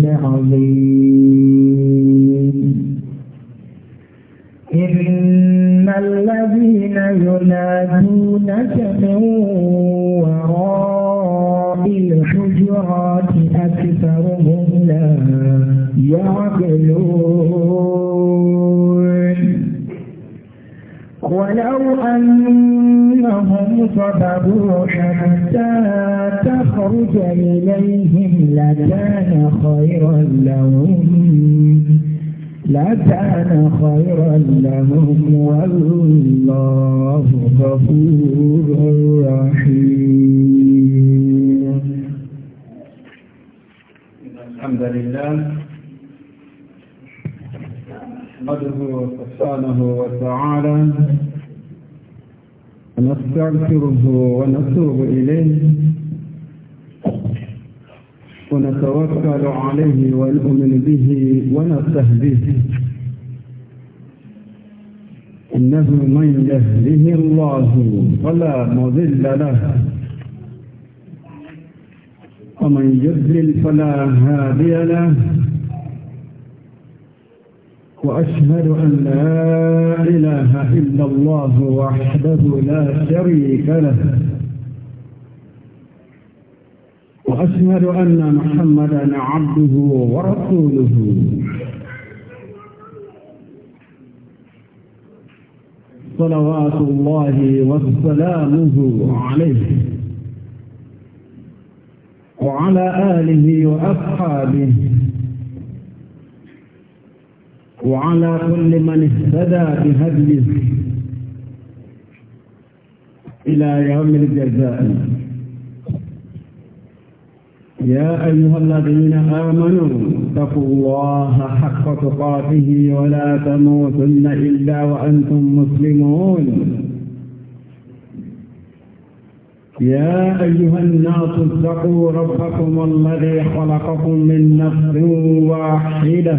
عظيم إن الذين ينادونك من وراء الحجرات أكثرهم لا يعقلون ولو أن إنهم صبروا حتى تخرج إليهم لكان خيرا لهم لكان خيرا لهم والله غفور رحيم الحمد لله نحمده سبحانه وتعالى ونستغفره ونتوب إليه ونتوكل عليه ونؤمن به ونستهديه إنه من يهده الله فلا مضل له ومن يضلل فلا هادي له وأشهد أن لا إله إلا الله وحده لا شريك له وأشهد أن محمدا عبده ورسوله صلوات الله وسلامه عليه وعلى آله وأصحابه وعلى كل من اهتدى بهديه إلى يوم الجزاء يا أيها الذين آمنوا اتقوا الله حق تقاته ولا تموتن إلا وأنتم مسلمون يا أيها الناس اتقوا ربكم الذي خلقكم من نفس واحدة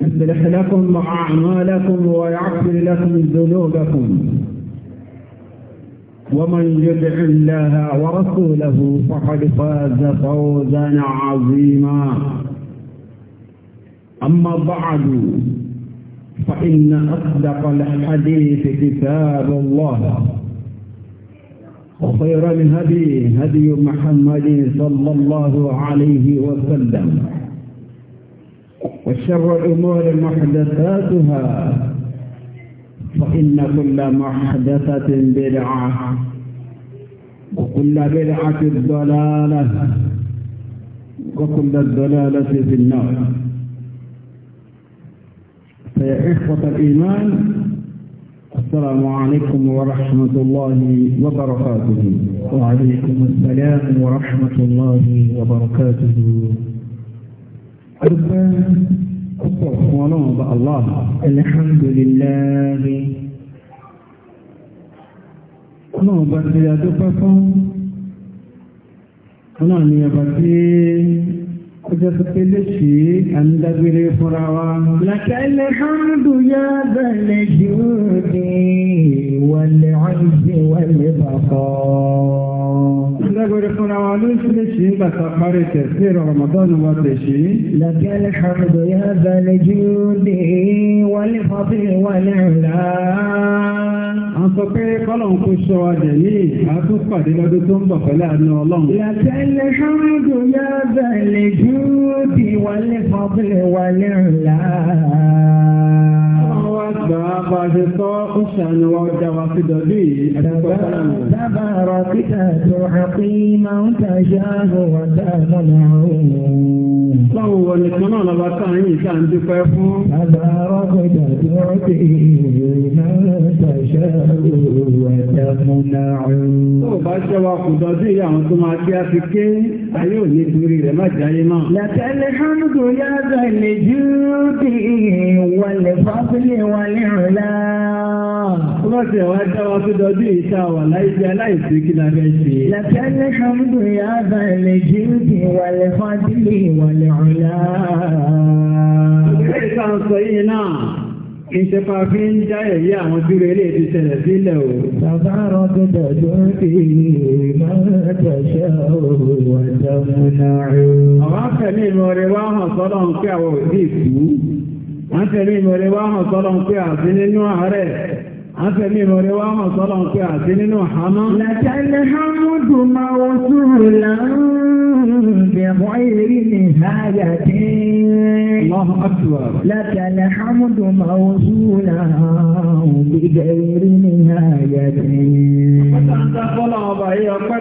يصلح لكم أعمالكم ويغفر لكم ذنوبكم ومن يدع الله ورسوله فقد فاز فوزا عظيما أما بعد فإن أصدق الحديث كتاب الله وخير الهدي هدي محمد صلى الله عليه وسلم وشر الأمور محدثاتها فإن كل محدثة بدعة وكل بدعة ضلالة وكل الضلالة في النار فيا إخوة الإيمان السلام عليكم ورحمة الله وبركاته وعليكم السلام ورحمة الله وبركاته Adúpẹ́ púpọ̀ fún ọlọ́run ọba Allah. Alhamdulillahi. Ọlọ́run ọba ti adúpẹ́ fún. Ọlọ́run ni ọba tí ó jẹ́ tó pé léṣe àmìdágbére fúnra wa. Làkàlẹ̀ hàmdù yá bẹ̀rẹ̀ jù ní ìwàlẹ̀ àìsí ìwàlẹ̀ bàbá. Ìlẹ́gbẹ̀rẹ̀ fúnra wa ló ṣe lè ṣe ìgbàta parí tẹ̀sí Ramadan wa tẹ̀ ṣe. Lọ́gẹ́lẹ̀ ṣàrùdọ̀ yá bẹ̀rẹ̀ jù dé wọlé fọ́bí wọlé ńlá. A sọ pé kọ́lọ̀n kó ṣọ́ wa jẹ̀ yìí, a tún pàdé lọ́dún tó ń bọ̀ pẹ̀lú àánú Ọlọ́run. Lọ́gẹ́lẹ̀ ṣàrùdọ̀ yá bẹ̀rẹ̀ jù dé wọlé fọ́bí wọlé ńlá gbà á bá ṣe sọ ó ṣàánú ọjà wa sí dọ̀dí yìí àdúgbò sálàmù. dábàá rọ títà tó àpé máa ń tàṣà àwọn dáàmú náà wọ nìkan náà lọ́ba táà ń yìí ká ń dúpẹ́ fún? Dábàá rọ títà tó àpé máa ń tàṣà àwọn dáàmú Tó o bá ṣe wa kù dọ̀dí àwọn tó máa kí á fi ké ayé ò ní torí rẹ̀ má jáyé náà. Làtẹ́lẹ̀ hánúdù yára lè jú bí wàlẹ̀ fáfílẹ̀ wàlẹ̀ rẹ̀lá. Kúrọ̀sì ẹ̀wà jáwá tó dọdún ìta wà láìsí aláìsí kí la fẹ́ ṣe. Làtẹ́lẹ̀ hánúdù yára lè jú bí wàlẹ̀ fáfílẹ̀ wàlẹ̀ rẹ̀lá. Ìgbésàn sọ yìí náà kìí ṣe fa fi ń já ẹ̀yí àwọn tí rẹ̀ ti ṣẹlẹ̀ sílẹ̀ o. bàbá rán tó dọ̀jọ́ sí ìmọ̀ẹ́tẹ̀ṣẹ́ òwòjọ́ múná rẹ̀. àwọn afẹ́lẹ́ ìmọ̀ọ́rẹ́ wá hàn sọ́dọ̀ ń pé àwọn òbí ìkú. wọ́n tẹ̀lé ìmọ̀ọ́rẹ́ wá hàn sọ́dọ̀ ń pé àti nínú àárẹ̀. Àfẹ́lẹ́ ìrọ̀rẹ́ wá mọ̀ sọ́lọ̀ ń pẹ́ àti nínú àhámọ́. Làtàlẹ́ Hámúdù máa wọ́n túrù láàrùn-ún-bẹ̀rọ̀ ìrí ní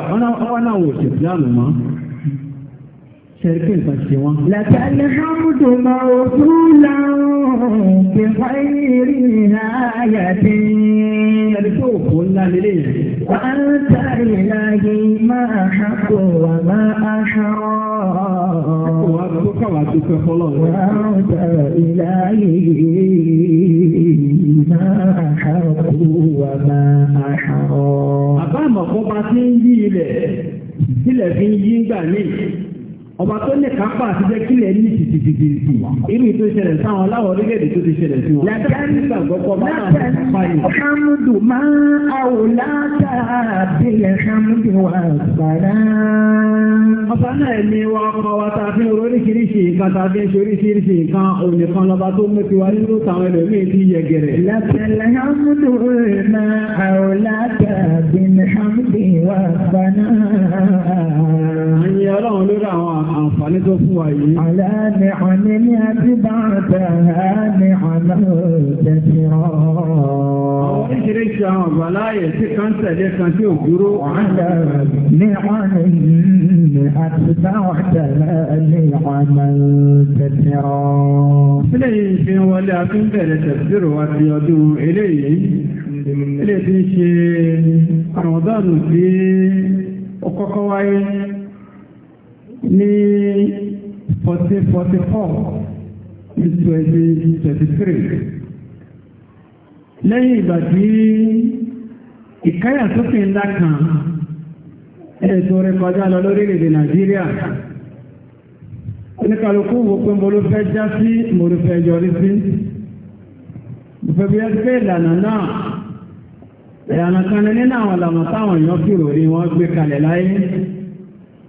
àdúrà wọ́n náà wò sí ìsìláàmù mọ́ ṣẹ̀ríkì nǹkan ṣe wọ́n. làtàlẹ́ hàmùdù máa ò túlà òkè fáìrì àyàtì. ẹni tó òkú ńlá lélẹ̀ yẹn. wà máa hàkó wà máa hàrọ̀. Ẹ̀kọ́ wa tó kàwá tó fẹ́ fọ́lọ́ àmọ̀kọ́ bá ti ń yí ilẹ̀ sílẹ̀ fi ń yí gbà míì ọba tó ní kápá àti jẹ́ kílẹ̀ ní tìtìtìtì irú tó ṣẹlẹ̀ sáwọn aláwọ̀ orílẹ̀-èdè tó ti ṣẹlẹ̀ sí wọn. látàrí ìgbàgbọ́kọ̀ máa ń kápá yìí. hamdu máa àwòlá tàbílẹ̀ hamdu wà sàrà. ọba náà ni wọn kọ wa ta fi oríṣiríṣi nǹkan ta fi ń ṣe oríṣiríṣi nǹkan onìkan lọba tó mú tiwa nínú táwọn ẹlòmíín ti yẹ gẹrẹ. látàrí àǹfààní tó fún wa yìí. Àlẹ́ ni ọ̀nì ní ẹbí bá ń tẹ̀ ẹ́ ní ọ̀nà òjẹ̀sí ọ̀. Àwọn oríṣiríṣi àwọn àbáláyè tí kan tẹ̀lé kan tí ò dúró. Àlẹ́ ni ọ̀nì ní ẹbí bá ń tẹ̀ ẹ́ ní ọ̀nà òjẹ̀sí ọ̀. Sílẹ̀ yìí fi wọlé akíńbẹ̀rẹ̀ tẹ̀síìrì wa ti ọdún eléyìí. Ilé ti ń ṣe àrùn ọ̀dọ́nù tí ó kọ́kọ́ wáyé ní 1444 ní 2023 lẹ́yìn ìgbà tí ìkáyà sókè ńlá kan ètò rẹ̀ kọjá lọ lórílẹ̀-èdè Nàìjíríà oníkàlùkù wo pé mo ló fẹ́ já sí mo ló fẹ́ yọrí sí mo fẹ́ bí ẹ pé ìlànà náà ìlànà kan ní nínú àwọn ìlànà táwọn èèyàn kúrò ní wọ́n gbé kalẹ̀ láyé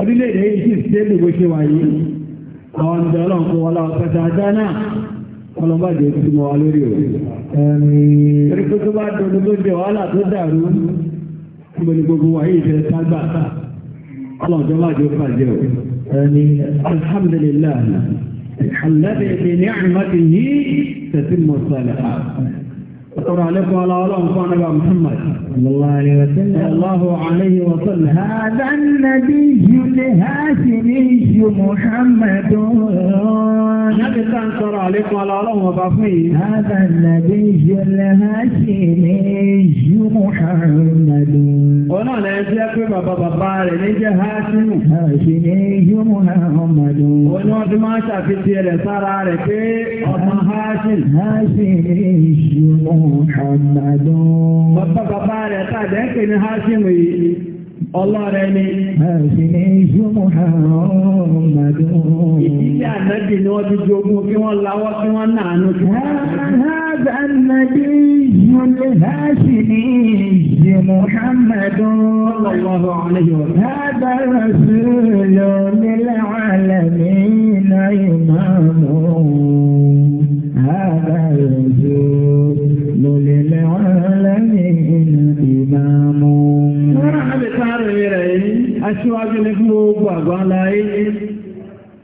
orílẹ̀-èdè egypt débì bó ṣe wà yìí àwọn ọ̀dọ́ ọlọ́nkọ́ wọlá ọ̀pẹta dáná ọlọ́mbàjẹ́ tí mo wà lórí òun ẹ̀rìn tó bá dọ̀dọ̀ tó dẹ̀ wàhálà tó dàrú gbogbo gbogbo wà yìí fẹ́ ságbà ọlọ́njọ́ صلى الله عليه وسلم هذا النبي الهاشمي محمد النبي صلى عليه وعلى هذا النبي الهاشمي محمد هاشمي محمد wọ́n fi máa ṣàfihàn rẹ̀ sára rẹ̀ pé ọmọ Hashim. Hashim ṣe Muhammadu. Bàbá bàbá rẹ̀ tàbí ẹ̀kẹ́ ni Hashim yìí. Ọlọ́rẹ̀ ni. Hashim ṣe Muhammadu. Ìdílé ànábì ni wọ́n ti jogún kí wọ́n lawọ́ kí wọ́n nàánú kí wọ́n nàánú. النبي الهاشمي محمد صلى الله عليه وسلم هذا رسول للعالمين إمام هذا يزول للعالمين إمام Aṣíwájú ní fún gbogbo àgbà láyé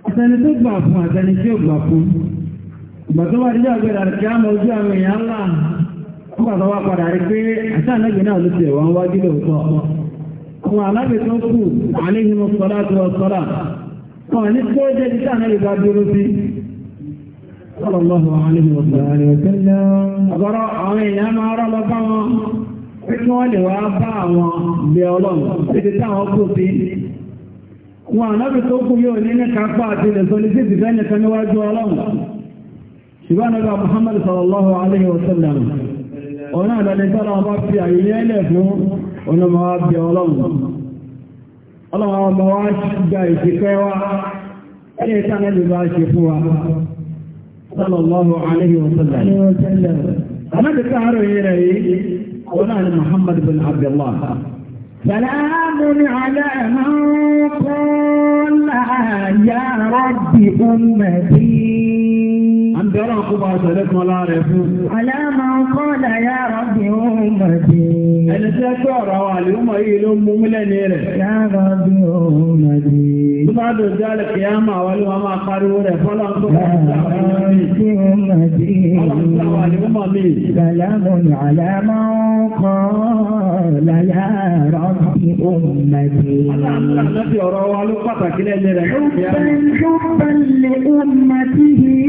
àtẹni tó gbà fún àtẹni tí ó gbà fún. Ìgbà tó wà ní àgbẹ̀rẹ̀ àti àmọ́ ojú àwọn èèyàn ńlá, ó pàtàkì wá padà rí pé àtàlẹ́gbẹ̀ náà ló ti ẹ̀wọ̀n wájú lóòótọ́ kan ní kó jẹ́ títà náà ìgbà dúró sí ọlọ́lọ́wọ́ alẹ́wọ̀sẹ̀lẹ́ àbárọ̀ àwọn èèyàn máa rọ́ lọ bá wọn pé kí wọ́n lè wá bá àwọn bẹ ọlọ́run títí táwọn kò sí wọn ànábì tó kú yóò ní níka pa àti ilẹ̀ sọ ọlọ́run ọlọ́wọ́ àwọn ọmọ wa gba ìsìnkẹ́ wa ẹni ìta nẹ́bí bá ṣe fún wa sallallahu alaihi wa sallam anábì káàrọ̀ yìí rẹ̀ yìí ọ̀nà ni muhammad bin abdullah سلام على من قال يا رب أمتي عند رقبة لكم لا رفو على من قال يا رب أمتي Ẹni tí ẹ pé ọ̀rọ̀ àwọn àlèmọ̀ yìí ló mú múlẹ̀ ní rẹ̀. Yára bí òun nà dé. Tó bá dùn sí àlè kìí àmà wọ́n ló máa pariwo rẹ̀ fọ́lọ́ tó bá dùn sí àwọn àlèmọ̀ mi. Sàlámù àlámọ̀ kọ́ láyà rọ́bì òun nà dé. Láti ọ̀rọ̀ wa ló pàtàkì lẹ́yìn rẹ̀. Ṣùgbọ́n lè ó máa tí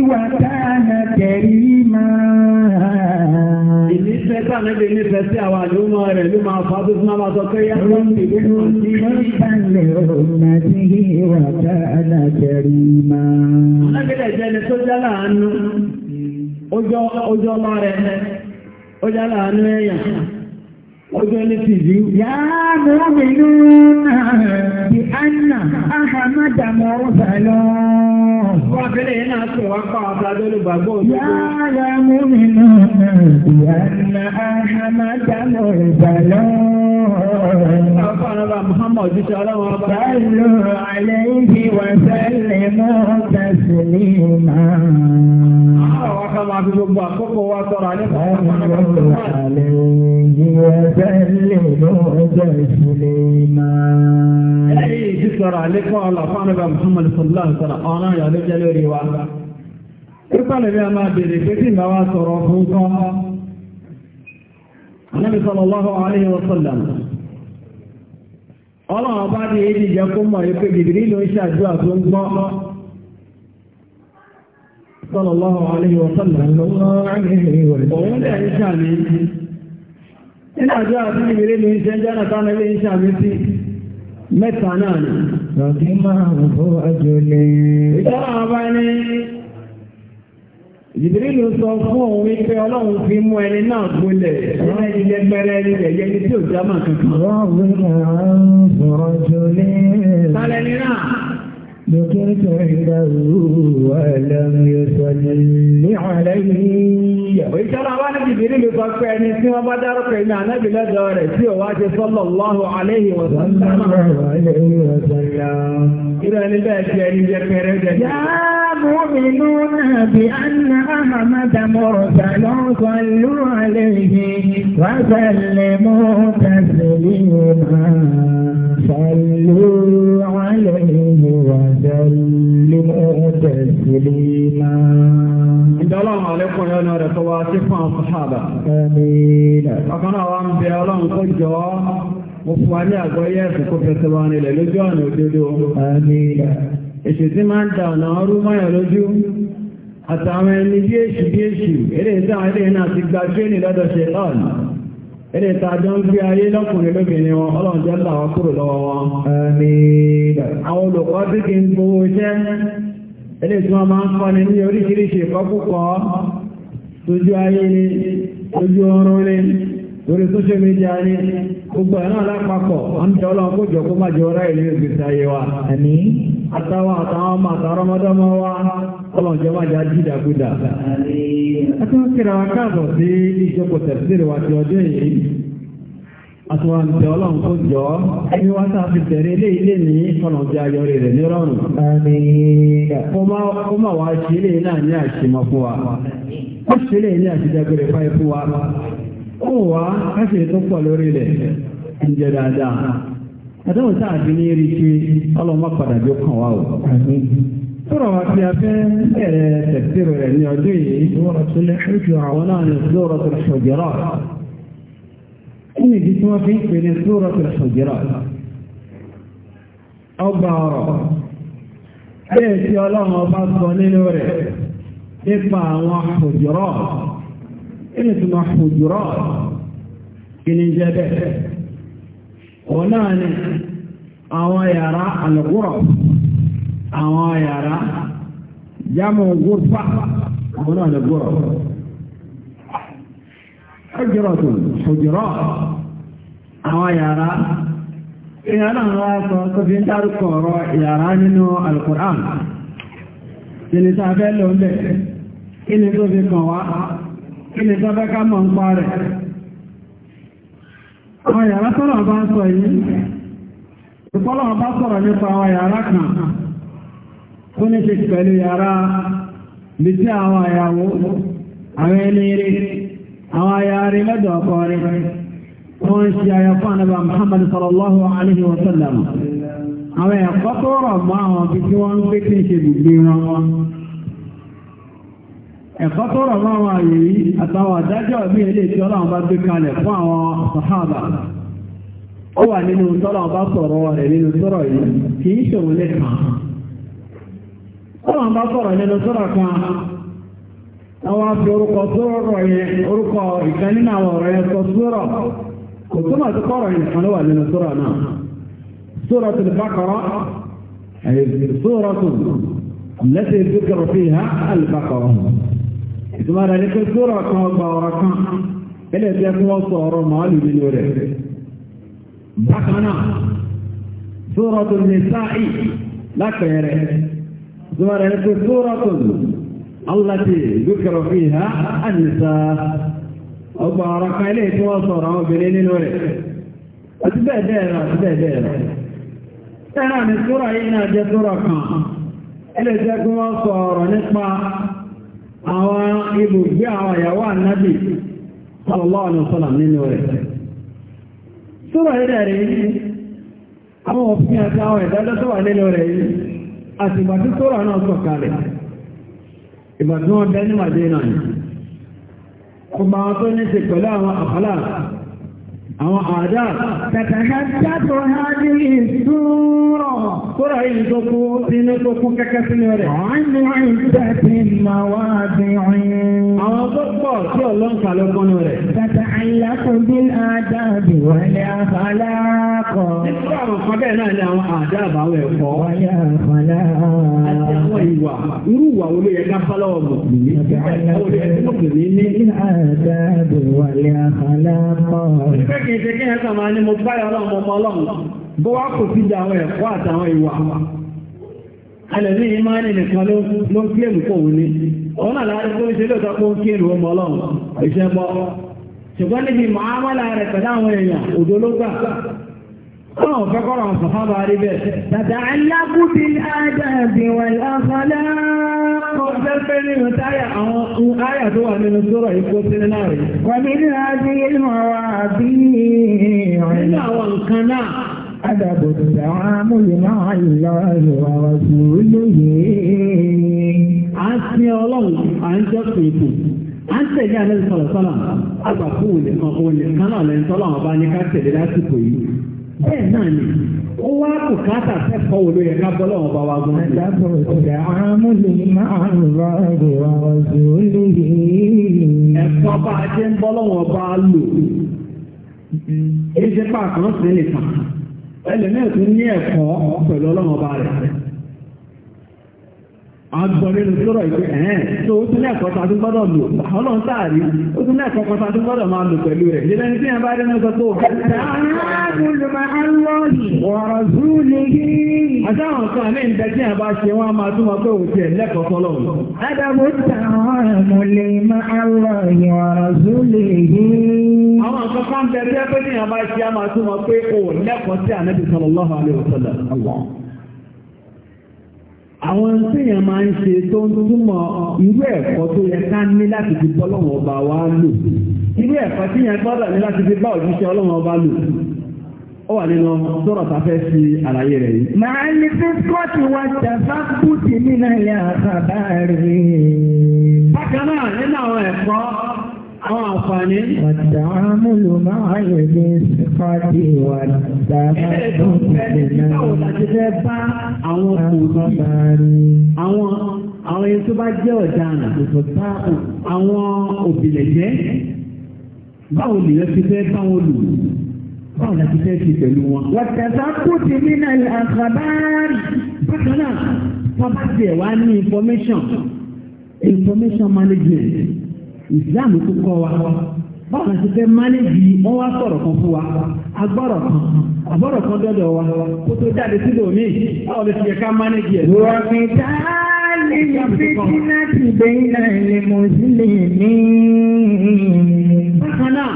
wà káàkiri máa. Ìnífẹ́ tàbí nífẹ́ sí àwọn àlèmọ̀ ọmọ rẹ̀ ló máa fa tó súnmọ́ máa sọ pé yá ló ń tèlé kan sí ìpínlẹ̀ ọ̀nà tí ìwà ká alájẹrí máa. Alábílẹ̀ jẹ́ni tó já láàánú, ó jọ ọmọ rẹ̀, يا مؤمنون بأن أحمد مرسل يا مؤمنون بأن أحمد مرسل صلوا عليه وسلموا تسليما ah, صلوا عليه وسلموا Ìpàlẹ̀ bí a máa bèèrè pé tí ìgbà wá sọ̀rọ̀ fún kọ́. Ànábì sallallahu alayhi wa sallam. Ọlọ́run bá ní èdè jẹ kó mọ̀ ipé gìdìrí ló ń ṣàdúrà tó ń gbọ́. Sallallahu alayhi wa sallam. Òun lẹ́ nínú àjọ àti ìwéré ló ń ṣe jọ́nà ilé iṣẹ́ àmì sí mẹ́ta náà ni. Rọ̀dí máa ń bọ́ àjò lè. Ìjọba àbá ní Jìbìrìlù sọ fún òun wípé ọlọ́run fi mú ẹni náà gbolẹ̀ ẹ̀rọ ìjẹ gbẹrẹ ẹni rẹ̀ yẹ tí ò jámà kankan. Rọ́ọ̀bù náà ń sọ̀rọ̀ jòlé. Sálẹ̀ ni náà. Dókítà ìdáwó wà lẹ́nu yóò sọ ní àlẹ́ yìí ìyẹ̀wò ìṣẹ́lá wá níbi ìbírí mi sọ pé ẹni tí wọ́n bá dárúkọ iná anábì lọ́dọ̀ rẹ̀ tí ò wá ṣe sallallahu alaihi wa sallam. Ìrọ̀ ẹni bẹ́ẹ̀ ti ẹni jẹ pẹ̀rẹ́ jẹ. Yá mọ́mìnú náà bí Anna Ahamada mọ̀rọ̀ sàlọ́ sọ́lú àlejì wá sẹ́lẹ̀ mọ́ tẹ̀sílì máa sọ́lú àlejì wá sẹ́lẹ̀ mọ́ tẹ̀sílì. Ìjọlọ́run àlékùnrin ọ̀nà rẹ̀ tó wá sí fún àwọn sàhábà. Ọkàn náà wá ń bẹ ọlọ́run kó jọ mo fún wa ní àgbọ́yé ẹ̀sùn kó fẹsẹ̀ wa nílẹ̀ lójú ọ̀nà òdodo. Èṣù tí máa ń da ọ̀nà ọrú mọ́yàn lójú àtàwọn ẹni bí èṣù bí èṣù eré táwọn eré náà ti gba tírénì lọ́dọ̀ ṣe lọ́ọ̀nù. Eré ta jọ ń gbé ayé lọ́kùnrin lóbìnrin wọn, ọlọ́run jẹ́ làwọn kúrò lọ́wọ́ wọn. Àwọn olùkọ́ tí kì í gbowó iṣẹ́ ilé tí wọ́n máa ń kọ́ ní ní oríṣiríṣi ìkọ́kùkọ́ tójú ayé ni tójú ọrún ni lórí social media ni gbogbo ẹ̀ náà lápapọ̀ wọ́n jọ ọlọ́run kó jọ kó má jọ ọ̀rá ìlú ìgbésí ayé wa ẹ̀mí àtàwọn àtàwọn ọmọ àtàwọn ọmọdọ́mọ wa ọlọ́run jọ má jẹ́ ajídàgbúdà. a ti káàbọ̀ sí ìjókòó tẹ̀síìrì wa ti ọjọ́ yìí àtúwọ̀n tẹ ọlọ́run kó jọ ẹni wá sáà fi bẹ̀rẹ̀ ilé ilé ní ọ̀nà tí a rẹ̀ ní ó máa wá ṣe ilé náà ní àṣìmọ̀ fún wa ó ṣe ilé ní fáyé fún wa ó wá káṣe tó pọ̀ lórí rẹ̀ ń jẹ dáadáa. sáà fi ní rí ṣe ọlọ́mọ padà kàn wá o. wa tí a fẹ́ tẹ̀síìrì rẹ̀ ní ọdún yìí. nìdí tí wọ́n fi ń pè ní Suratul Hujurat ọgbà ọ̀rọ̀ bẹ́ẹ̀ tí ọlọ́run ọba sọ nínú rẹ̀ nípa àwọn Hujurat inú tí wọ́n Hujurat kí ni jẹ́ bẹ́ẹ̀ òun náà yàrá àlùkùrọ̀ àwọn yàrá jámọ̀ gúrfà àwọn àlùkùrọ̀ Hujurat Hujurat àwọn yàrá èèyàn náà wá sọ tó fi ń dárúkọ ọ̀rọ̀ yàrá nínú alukur'an ìlú tá a fẹ́ lò ń bẹ̀ kí ni tó fi kàn wá kí ni tó fẹ́ ká mọ̀ ń pa rẹ̀ àwọn yàrá tọ́lọ̀ bá ń sọ yìí ìpọ́lọ̀ bá sọ̀rọ̀ nípa àwọn yàrá kan tó ní ṣe pẹ̀lú yàrá bí tí àwọn àyàwó àwọn ẹni rí àwọn ayá rí lọ́dọ̀ ọkọ rí tó ń ṣe ayọ̀fọ́ ànábà Muhammad alaihi wa sallam àwọn ẹ̀kọ́ tó rọ̀ yìí àtàwọn àdájọ́ bí ilé tí ọlọ́run bá gbé kalẹ̀ fún àwọn sàhábà ó wà nínú tọ́lọ́run bá sọ̀rọ̀ rẹ̀ nínú yìí kì í ṣòro bá sọ̀rọ̀ nínú kan àwọn afi orúkọ yẹn orúkọ ثم كنتم هتقرأ الحلوة لنا سورة نعم سورة البقرة أي سورة التي ذكر فيها البقرة ثم ذلك السورة كما بارك إلى تكون صورة مال من يريد بقنا سورة النساء لا كيري ثم ذلك سورة التي ذكر فيها النساء ọgbà ọ̀rọ̀ kan ilé tí wọ́n sọ̀rọ̀ àwọn obìnrin nínú rẹ̀ àti bẹ́ẹ̀ bẹ́ẹ̀ rẹ̀ àti bẹ́ẹ̀ bẹ́ẹ̀ rẹ̀ ẹ̀rọ ni súra yìí náà jẹ́ súra kan ilé jẹ́ kí wọ́n sọ ọ̀rọ̀ nípa àwọn ibùgbé àwọn ìyàwó ànábì sallallahu alaihi wasallam nínú rẹ̀ súra yìí rẹ̀ rí òfin àti àwọn ìdájọ́ tó wà nínú rẹ̀ yìí àti ìgbà tí súra náà sọ̀kalẹ̀ ìgbà tí bẹ́ ní màdé yìí kò máa tó ní ṣe pẹ̀lú àwọn àfàlà àwọn àdá tàtàkàtàtò hajji ìṣúrọ̀ kóra yìí tó kú sínú tó kú kẹ́kẹ́ sínú rẹ̀ ọ̀hánú ìṣẹ́ ti máa wá bí ọ̀yìn àwọn tó pọ̀ tí ọlọ́nkà lọ́kọ́nù rẹ̀ tàtàkàtà àìlákùn bí àdáàbì wọlé àfàlákọ̀. Nígbà àròkọ bẹ́ẹ̀ náà ni àwọn àdáàbà àwọn ẹ̀kọ́. Wọlé àfàlá. Àti àwọn ìwà, irú ìwà wo ló yẹ ká fá lọ́wọ́ mùsùlùmí? Àdáàbì wọlé àfàlákọ̀. Ìfẹ́ kìí ṣe kí ẹ kàn máa ní mo báyọ̀ ọlọ́run ọmọ ọlọ́run. Bó wá kò sí ìjà àwọn ẹ̀kọ́ àtàwọn ìwà wa alẹ́bí ìmáni nìkan ló ń kílèmù kò wù ní ọ̀nà láàrín tó ń ṣe lóòtọ́ pé ó ń kílèmù ọmọ ọlọ́run ìṣẹ́gbọ́ ṣùgbọ́n níbi màámọ́lá rẹ̀ pẹ̀lú àwọn èèyàn òdológbà wọn ò kọ́rọ̀ àwọn sọ̀fábà rí bẹ́ẹ̀. tàtà alábùbí àdàbí wà láfàlá. kò fẹ́ nínú táyà àwọn ohun tó wà nínú sọ̀rọ̀ ikú sínú náà rí. wà nínú àti ìlú ọ̀rọ̀ àbí ìrìn. nínú àwọn nǹkan náà. Adàbò tàwọn amúlẹ̀ náà ń sin à ń tẹ̀lé àlẹ́ sọ̀rọ̀ sọ́là àgbà fún òní kan òní kan náà lẹ́yìn sọ́là ọba ní ká tẹ̀lé lásìkò yìí bẹ́ẹ̀ náà ni ó wá kò káàtà fẹ́fọ́ wo ló yẹ ká bọ́ lọ́wọ́ bá wa gan. ẹ̀dá àmúlò máa ń bá ọ̀rọ̀ ọ̀sùn lóye. ẹ̀kọ́ bá a jẹ́ ń bọ́ lọ́wọ́ bá a lò. èyí ṣe pàkàn sí nìkan ẹlẹ́mẹ̀tún ní ẹ̀kọ́ pẹ̀lú ọlọ́wọ́ bá rẹ̀ agbọ̀nrin ló sọ̀rọ̀ ìpé ẹ̀ẹ́n tó ó tún ní ẹ̀kọ́ ta tó gbọ́dọ̀ lò ọlọ́run sáàrí ó tún ní ẹ̀kọ́ ta tó gbọ́dọ̀ máa lò pẹ̀lú rẹ̀ nílẹ̀ ní tíyẹn bá rí náà sọ tó Àtàwọn kan ní ìdẹ tí a bá ṣe wọ́n máa túnmọ̀ pé òun ti ẹ̀ lẹ́kọ̀ọ́ fọ́lọ́run. Adábó tàwọn ọmọ lè máa lọ ìwọ̀rọ̀ súlè yìí. Àwọn kan alaihi wasallam àwọn téèyàn máa ń ṣe tó ń túmọ̀ irú ẹ̀kọ́ tó yẹ ká ní láti fi bọ́ lọ́wọ́ ọba wa lò irú ẹ̀kọ́ tí yẹn gbọ́dọ̀ ní láti fi bá òjíṣẹ́ ọlọ́wọ́ ọba lò ó wà nínú sọ̀rọ̀ tá a fẹ́ fi àlàyé rẹ̀ yìí. màá ní fífọ́tì wa jàfá kùtì nínú ilé àkàbà rẹ̀. bákan náà nínú àwọn ẹ̀kọ́ àwọn àǹfààní. Àtàmúlò máa lè ní sípàdé wà dáadáa. Báwo la ti fẹ́ bá àwọn kòkó àwọn àwọn ẹni tó bá jẹ́ ọ̀daràn àwọn òbílẹ̀ jẹ́ báwo lèyàn ti fẹ́ bá wọn lò báwo la ti fẹ́ ṣe pẹ̀lú wọn. Wàtàtà kò ti nínú àkàbárì. Bákan náà, wọ́n bá tiẹ̀ wá ní information information management ìsìláàmù tó kọ́ wa báwo la ti fẹ́ mánéjì wọ́n wá sọ̀rọ̀ kan fún wa agbọ́rọ̀ kan agbọ́rọ̀ kan dọ́dọ̀ wa kó tó jáde sílò mí báwo la ti yẹ ká mánéjì ẹ̀. wọ́n mi dá lè fi dínà tì bẹ́ẹ̀ náà lè mọ̀ sílẹ̀ mí. bákan náà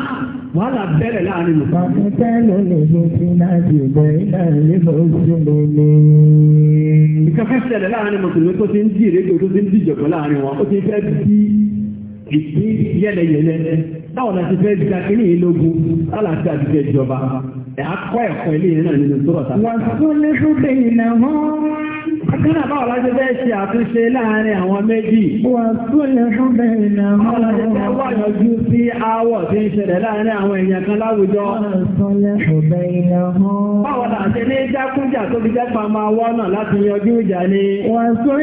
wàhálà bẹ̀rẹ̀ láàrin nìkan. Fàmítẹ́ ló lè fi síná sí ìbẹ̀rẹ̀ ilé mùsùlùmí. Ìkàfẹ́ ṣẹlẹ̀ láàrin mùsùlùmí tó ti ń di ìrégbè tó ti ń di ìjọ̀gbọ̀n láàrin wọn, ó ti fẹ́ bí èsì yẹ́lẹyẹ̀lẹ́ táwọn àti fẹ́ di kakiri yìí lógun táwọn àti àti fẹ́ jọba ẹ̀ akọ́ ẹ̀kọ́ náà nínú tó rọ̀ wàá tún ní fún bẹ́yìn náà hàn. Akínà báwọn láti fẹ́ ṣe àtúnṣe láàárín àwọn méjì. Wà tó fún bẹ̀rẹ̀ sí tí ń ṣẹlẹ̀ láàárín àwọn èèyàn kan láwùjọ. Wọ́n tó lè fún bẹ̀rẹ̀ náà. Báwọn láti ní jákújà tó fi jẹ́pa Wà tó fún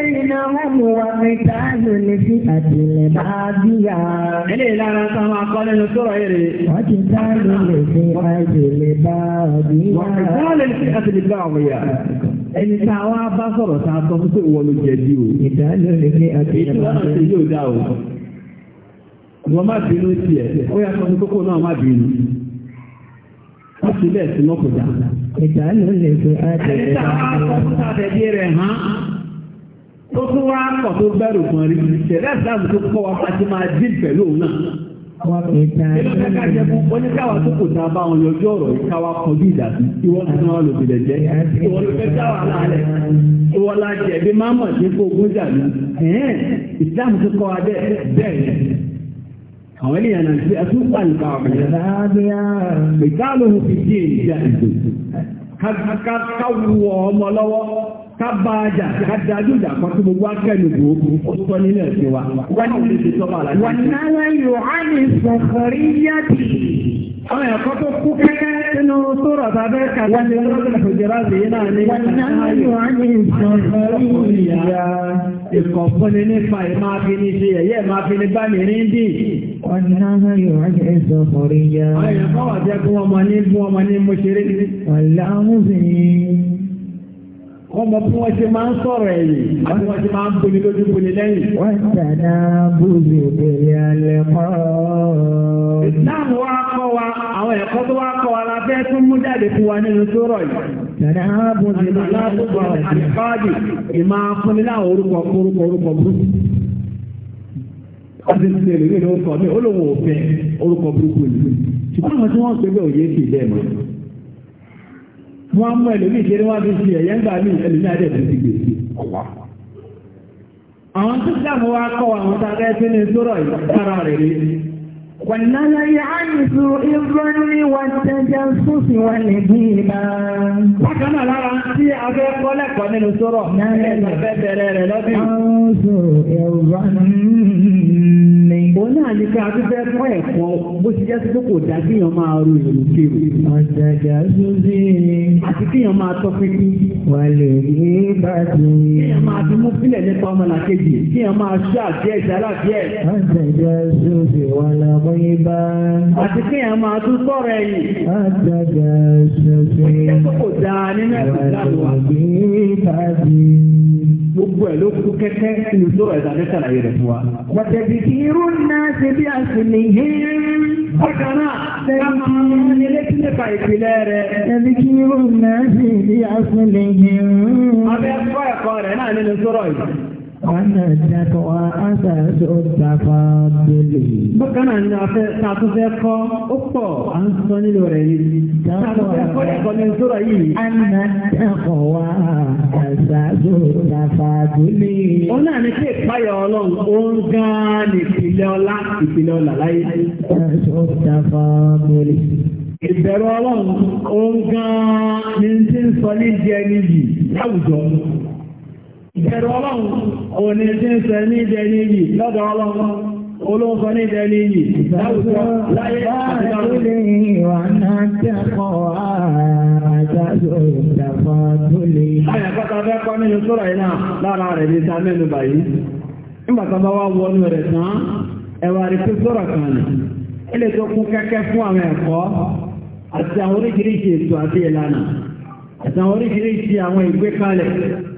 bẹ̀rẹ̀ wa mẹ́ta bá ẹni tá a wá bá sọ̀rọ̀ tá a sọ fún pé wọ́n ló jẹ bí o. ìdálẹ́ rẹ̀ ní àtẹ̀yẹ̀ máa ń ṣe yóò dá o. wọ́n má bínú tiẹ̀ ó yà sọ fún kókó náà má bínú. wọ́n ti bẹ́ẹ̀ sí lọ́kọ̀dá. ìdálẹ́ rẹ̀ ní àtẹ̀yẹ̀ máa ń ṣe. ẹni tá a wá sọ fún tàbẹ̀dí rẹ̀ hàn tó tún wá kọ̀ tó bẹ̀rù kan rí ṣẹ̀dá ìsáàmù tó kọ́ wa pàṣẹ máa dín pẹ̀lú òun náà wọ́n ní káwa tó kò tá a bá wọn yọjú ọ̀rọ̀ yìí káwa kọjú ìjà sí ìwọ́n ti náà lò bìlẹ̀ jẹ́ ìwọ́n ló fẹ́ káwa lálẹ́ ìwọ́n la jẹ̀bi máa mọ̀ sí kó ogún jà ní. ìsìlámù ti kọ́ wa bẹ́ẹ̀ bẹ́ẹ̀ àwọn ènìyàn náà ti ẹtú pàlùkà ọ̀pẹ̀lẹ̀. ìkálòhùn fi dín ìjà ìdò ká wù ọmọ lọ́wọ́ kábà àjà kájájú ìjà kan tí gbogbo akẹ́lù gbogbo tó nílẹ̀ sí wa. wọ́n náà yóò á ní sọ̀kọ̀rí yáàdì. àwọn ẹ̀kọ́ tó kú kẹ́kẹ́ nínú sọ̀rọ̀ tàbí kàdé ní lọ́sẹ̀ òjòrò àbíyí náà ni. wọ́n náà yóò á ní sọ̀kọ̀rí yá. ìkọ̀fúnni nípa ìmáa fi ní ṣe ẹ̀yẹ́ máa fi ní bá mi rí dì. wọ́n náà yóò á ní sọ̀kọ̀rí yá. àwọn ẹ̀kọ́ wà wọ́n mọ bí wọ́n ṣe máa ń sọ̀rọ̀ ẹ̀yìn àti wọ́n ṣe máa ń boni lójú boni lẹ́yìn. wọ́n tàná bùbí ìbèrè alẹ́ kọ́. ìsìláàmù wa wa àwọn ẹ̀kọ́ tó wá wa la fẹ́ tún mú jáde fún wa nínú yìí. ìmọ̀ orúkọ orúkọ orúkọ burúkú. olóhùn wọ́n mọ́ ẹlòmí ìṣeré ṣe ẹ̀yẹ́ ń gbà mí ẹlòmí ti gbè sí àwọn tó wa kọ́ àwọn tàbí ẹtí ní sọ́rọ̀ ìpara rẹ̀ rí wàlálà yàánìsù ìrọ́nì wà tẹ́jẹ́ sùsì wà lè bí bákan náà lára tí abẹ́ kọ́lẹ́kọ̀ọ́ nínú sọ́rọ̀ ẹ̀ẹ́dẹ̀ẹ́dẹ̀ rẹ̀ lọ́bí. òun náà ní ká tó fẹ́ ẹ̀kọ́ bó ti jẹ́ sí pé kò dá kíyàn máa ro ìròyìn kéwì. ọ̀dàjà lóde. àti kíyàn máa tọ́ pínpín. wà lè rí bàtú. kíyàn máa fi mú sílẹ̀ nípa ọmọlàkejì kíyàn máa ṣọ́ àti ẹ̀ṣẹ̀ aláàfíẹ́. ọ̀dàjà lóde wà lábọ́ yín bá. àti kíyàn máa tún sọ̀rọ̀ ẹ̀yìn. ọ̀dàjà lóde. ẹ̀kọ́ kò dáa nínú ẹ̀kọ́ ìdáwà. gbogbo ẹ̀ ló kú kẹ́kẹ́ náà bí a sì ní hìírín ọ̀kaná ní Ẹbí kí ó náà bí a sì ní hìírín. ẹ̀kọ́ ẹ̀kọ́ rẹ̀ náà nínú sọ́rọ̀ yìí. Wàhánà ìdákọ̀ wa ásà tó dàpá délé. Bọ́kà náà ni afẹ́ tàtúfẹ́ kọ́, ó pọ̀, à ń sọ nílò rẹ̀ yìí. Tàtúfẹ́ kọ́ ẹ̀kọ́ ni ìṣòro yìí. Àná ìdákọ̀ wa ásà tó dàpá délé. Ó náà ní kí ìpáyọ̀ ọlọ́run, ó ń gán ní ọlá, láyé. ìbẹ̀rù ọlọ́run òní tí ń sẹ ní yìí lọ́dọ̀ ọlọ́run olóńsọ ní ìdẹni ní ilé tó kún àwọn àti àwọn ètò àti ìlànà àti àwọn àwọn ìgbékalẹ̀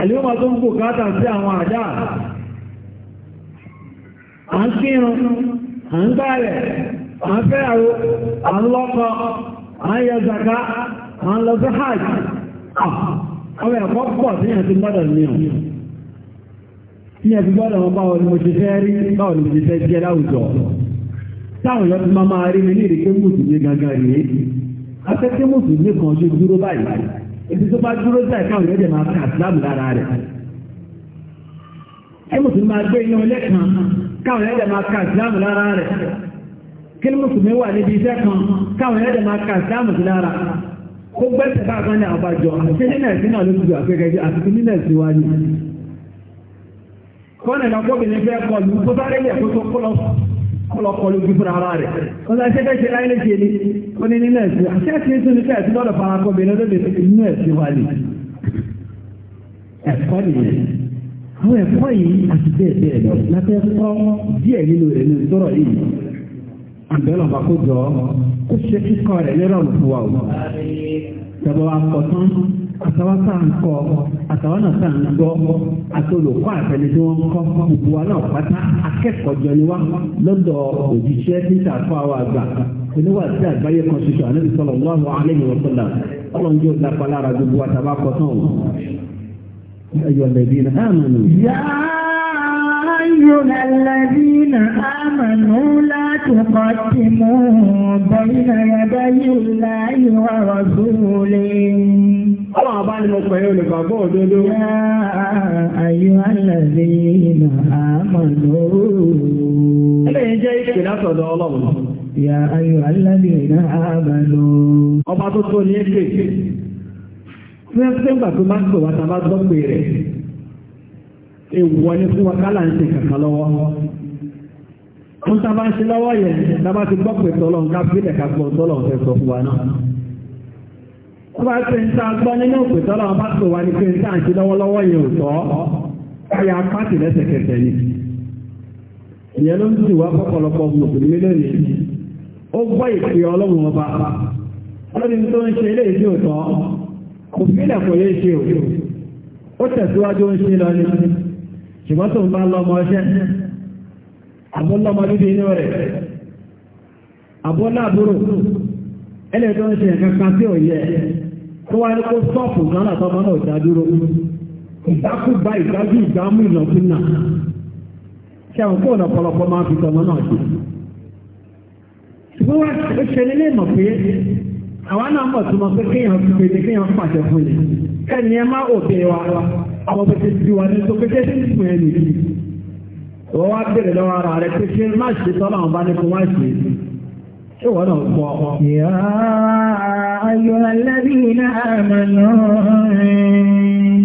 àlúmọ̀ tó ń bùkátà sí àwọn àdá à ń kírun à ń gbààrẹ̀ à ń fẹ́yàwó à ń lọ́kọ à ń yọ zaka à ń lọ sí hajj ọmọ ẹ̀kọ́ pọ̀ sí ẹ̀ gbọ́dọ̀ ní ẹ̀ gbọ́dọ̀ wọn báwọn ni mo ti fẹ́ rí báwọn ni mo ti táwọn yọ ti máa máa rí mi ní ìrìkẹ́ mùsùlùmí gangan mùsùlùmí kan dúró báyìí èdè tó bá dúró sí àìsàn òyìnbó dè máa fi àsìlámù lára rẹ̀. kí mùsùlùmí máa gbé iná ilé kan káwọn èèyàn dè máa ka àsìlámù lára rẹ̀. kí mùsùlùmí wà níbi iṣẹ́ kan káwọn èèyàn dè máa ka àsìlámù sí lára. kó gbẹ́sẹ̀ bá kan ní àbájọ àti nínú ẹ̀sìn náà ló ti dùn àpẹẹrẹ àti nínú ẹ̀sìn wa ni. kọ́nà ìlànà ọlọ́kọlù gbígbóra ara rẹ̀. Wọ́n sáré ṣẹ́gbẹ́ ṣe láyé léṣe ni, ó ní nínú ẹ̀sìn, àti àti ètò ní káyà tí lọ́dọ̀ fara kọ́ bẹ̀rẹ̀ lóde nínú ẹ̀sìn wa lè. Ẹ̀kọ́ nìyẹn. Àwọn ẹ̀kọ́ yìí àti bẹ́ẹ̀ bẹ́ẹ̀ lọ lábẹ́ kọ́ díẹ̀ nínú rẹ̀ ní sọ̀rọ̀ yìí. Àbẹ̀lọ̀ bá kó jọ kó ṣe kíkọ́ rẹ̀ nírọ̀rùn fún wa o. Tẹ̀bọ̀ wa àtàwátà ń kọ àtàwátà tá ń gbọ́ àtolùkọ́ àtẹni tí wọ́n kọ́ gbogbo wa náà pátá akẹ́kọ̀ọ́ jọ ni wá lọ́dọ̀ òjíṣẹ́ títà fún àwọn àgbà oníwà sí àgbáyé kan ṣoṣo ànábi sallallahu alaihi wa sallam ọlọ́run yóò dápa lára gbogbo àtàwákọ̀ tán o. أيها الذين آمنوا لا تقدموا بين يدي الله ورسوله Ọlọ́run bá ní mo pẹ̀lú olùgbàgbọ́ òdodo. Yá ayúhà lẹ́sí iná àmàlò. Ẹlẹ́yìn jẹ́ ìpè látọ̀dọ̀ Ọlọ́run. Yá ayúhà lẹ́sí iná àmàlò. Ọba tó tó ní èké. Fẹ́ ìwọlé fún wakálà ń ṣe kàkà lọ́wọ́ ń tàbá ń ṣe lọ́wọ́ yẹn tàbá ti gbọ́ pé tọ́lọ̀ ń ká ká gbọ́ tọ́lọ̀ ń fẹ́ sọ fún wa náà tó bá ń ta gbọ́ nínú òpè tọ́lọ̀ bá pè wá ní pé ń ń ṣe lọ́wọ́lọ́wọ́ ò tọ́ káyà pàtì ni ìyẹn ọba lórí tó ń ṣe eléyìí tọ́ ṣùgbọ́n tó ń lọ́mọ ọṣẹ́ àbọ́lọ́mọ inú rẹ̀ àbọ́láàbúrò ẹlẹ́ tó ń ṣe kankan tí ò yẹ tó wá ní kó sọ́ọ̀pù náà náà ìdájú ìdámú ìlọ́kúnnà kó máa fi náà ṣùgbọ́n wá ó ṣe pé náà mọ̀ tó pé kéèyàn fi pèsè kéèyàn pàṣẹ fún àwọn pẹ̀tẹ́ ti wà ní tó pẹ̀tẹ́ ti ti pẹ̀lú ẹ̀lú yìí wọ́n wá bẹ̀rẹ̀ lọ́wọ́ ara rẹ̀ pé ṣe má ṣe tọ́lá àwọn bá ní kó má ṣe ṣé wọ́n náà pọ̀ ọ́. Yā ayyuhalladhīna āmanū.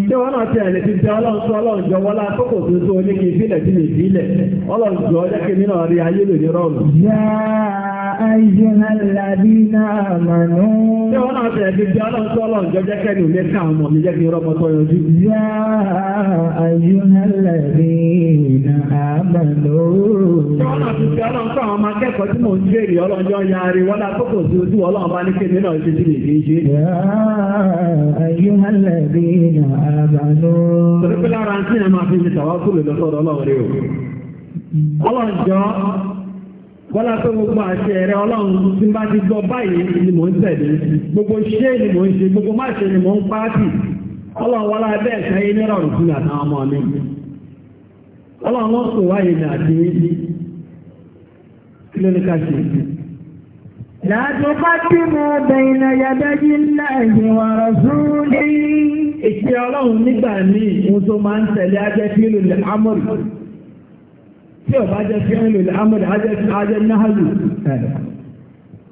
ṣé wọ́n náà ti ẹ̀ lè fi jẹ́ ọlọ́run tó ọlọ́run jọ wọ́lá àkókò tó tó oníkì ìfilẹ̀ sí ìfilẹ̀ ọlọ́run jọ ọjọ́ kìíní náà rí ayé lòdì rọrùn. Yáá أيها الذين آمنوا Ṣé wọ́n náà ṣe ẹ̀bí bí ọlọ́sọ́lọ́ ìjọjẹ́ kẹ́ni ilé ká ọmọ mi jẹ́ kí rọ́pọ̀ tó yọjú? Yá أيها الذين آمنوا. Ṣé wọ́n náà ti fi ọlọ́sọ́ àwọn ọmọ akẹ́kọ̀ọ́ tí mò ń jèrè ọlọ́jọ́ ya rí wọ́n lákòókò sí ojú ọlọ́run bá ní kéde náà ṣe sí lè fi ṣe. Yá أيها الذين آمنوا. Torí pé lára tí ẹ máa fi mi tàwákùlù lọ́sọ̀rọ̀ ọlọ́run rí o. Ọlọ́jọ́ bọ́lá gbogbo àṣẹ rẹ ọlọ́run tí n bá ti gbọ́ báyìí ni mò ń tẹ̀lé gbogbo ṣé ni mò ń gbogbo má ṣe ni mò ń pààtì ọlọ́run wọlá bẹ́ẹ̀ fún àtàwọn ọmọ mi ọlọ́run wọ́n sọ wáyé ní àti kí ló ní ká ṣe ọlọ́run nígbà míì, mo tó máa tí ọba jẹ́ fi ń lò lámọ̀dé ajẹ́ fi ajẹ́ náhàlù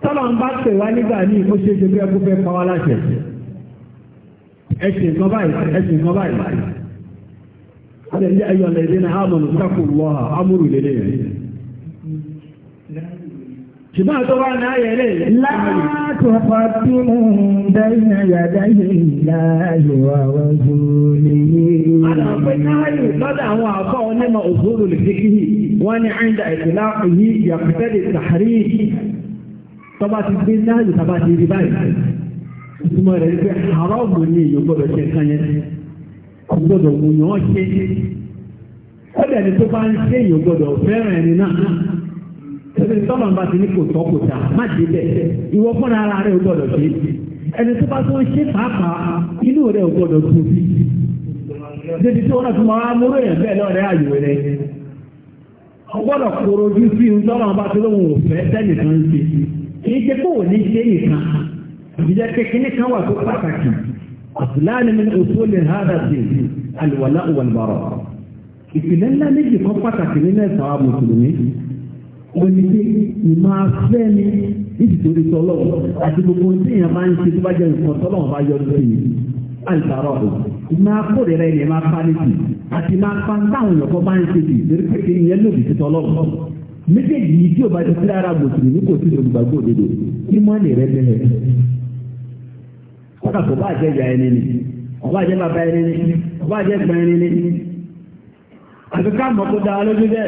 tọ́lọ̀ ń bá pè wá nígbà ní ó ṣe ṣe bí ẹkú pa wá láṣẹ ẹsìn kan báyìí ẹsìn kan báyìí. ní ayọ̀ wọ́ lélẹ́yìn. Ṣùgbọ́n àtọ́ wá ní ayẹ̀rẹ́ yìí. Láàtò fàbí mú dáìnà yàdá yìí láàyò àwọn òṣèlú yìí. Àwọn ọ̀pẹ náàyò lọ́dọ̀ àwọn àkọ́ onímọ̀ òṣèlú lèkìkì wọ́n ní àìdá ìtìlá yìí yàpẹ́lẹ̀ sàárì. Tọ́ba ti gbé náàyò tàbá ti rí báyìí. Ìtumọ̀ rẹ̀ ń ṣe èyí pé tọ́lọ̀ ń bá ti ní kò tọ́ má dé bẹ́ẹ̀ ìwọ fúnra ara rẹ̀ ò ṣe ẹni bá tó ń ṣe pàápàá inú ò tó débi tí náà máa múrò yẹn bẹ́ẹ̀ kóró sí bá ò fẹ́ kan ṣe kì í ṣe kó ní ṣe kékeré kan wà tó pàtàkì oníṣe ìmọ̀ afẹ́ ni nítorí tọ́lọ̀ àti gbogbo tí èèyàn máa ń ṣe tó bá jẹ́ nǹkan tọ́lọ̀ bá yọ lórí yìí àìsàrọ̀ ìmọ̀ akórèrè ni máa pa létí àti máa pa táwọn èèyàn kan bá ń ṣe jù lórí pẹ̀kẹ́ ìyẹn lòdì sí tọ́lọ̀ méjèèjì yìí tí ò bá ti sí ara mùsùlùmí kò sí olùgbàgbọ́ òdodo ìmọ̀ lè rẹ bẹ́ẹ̀ kọ́dà kò bá jẹ́ ìyá ẹni ni kò bá jẹ́ bàbá ẹni ni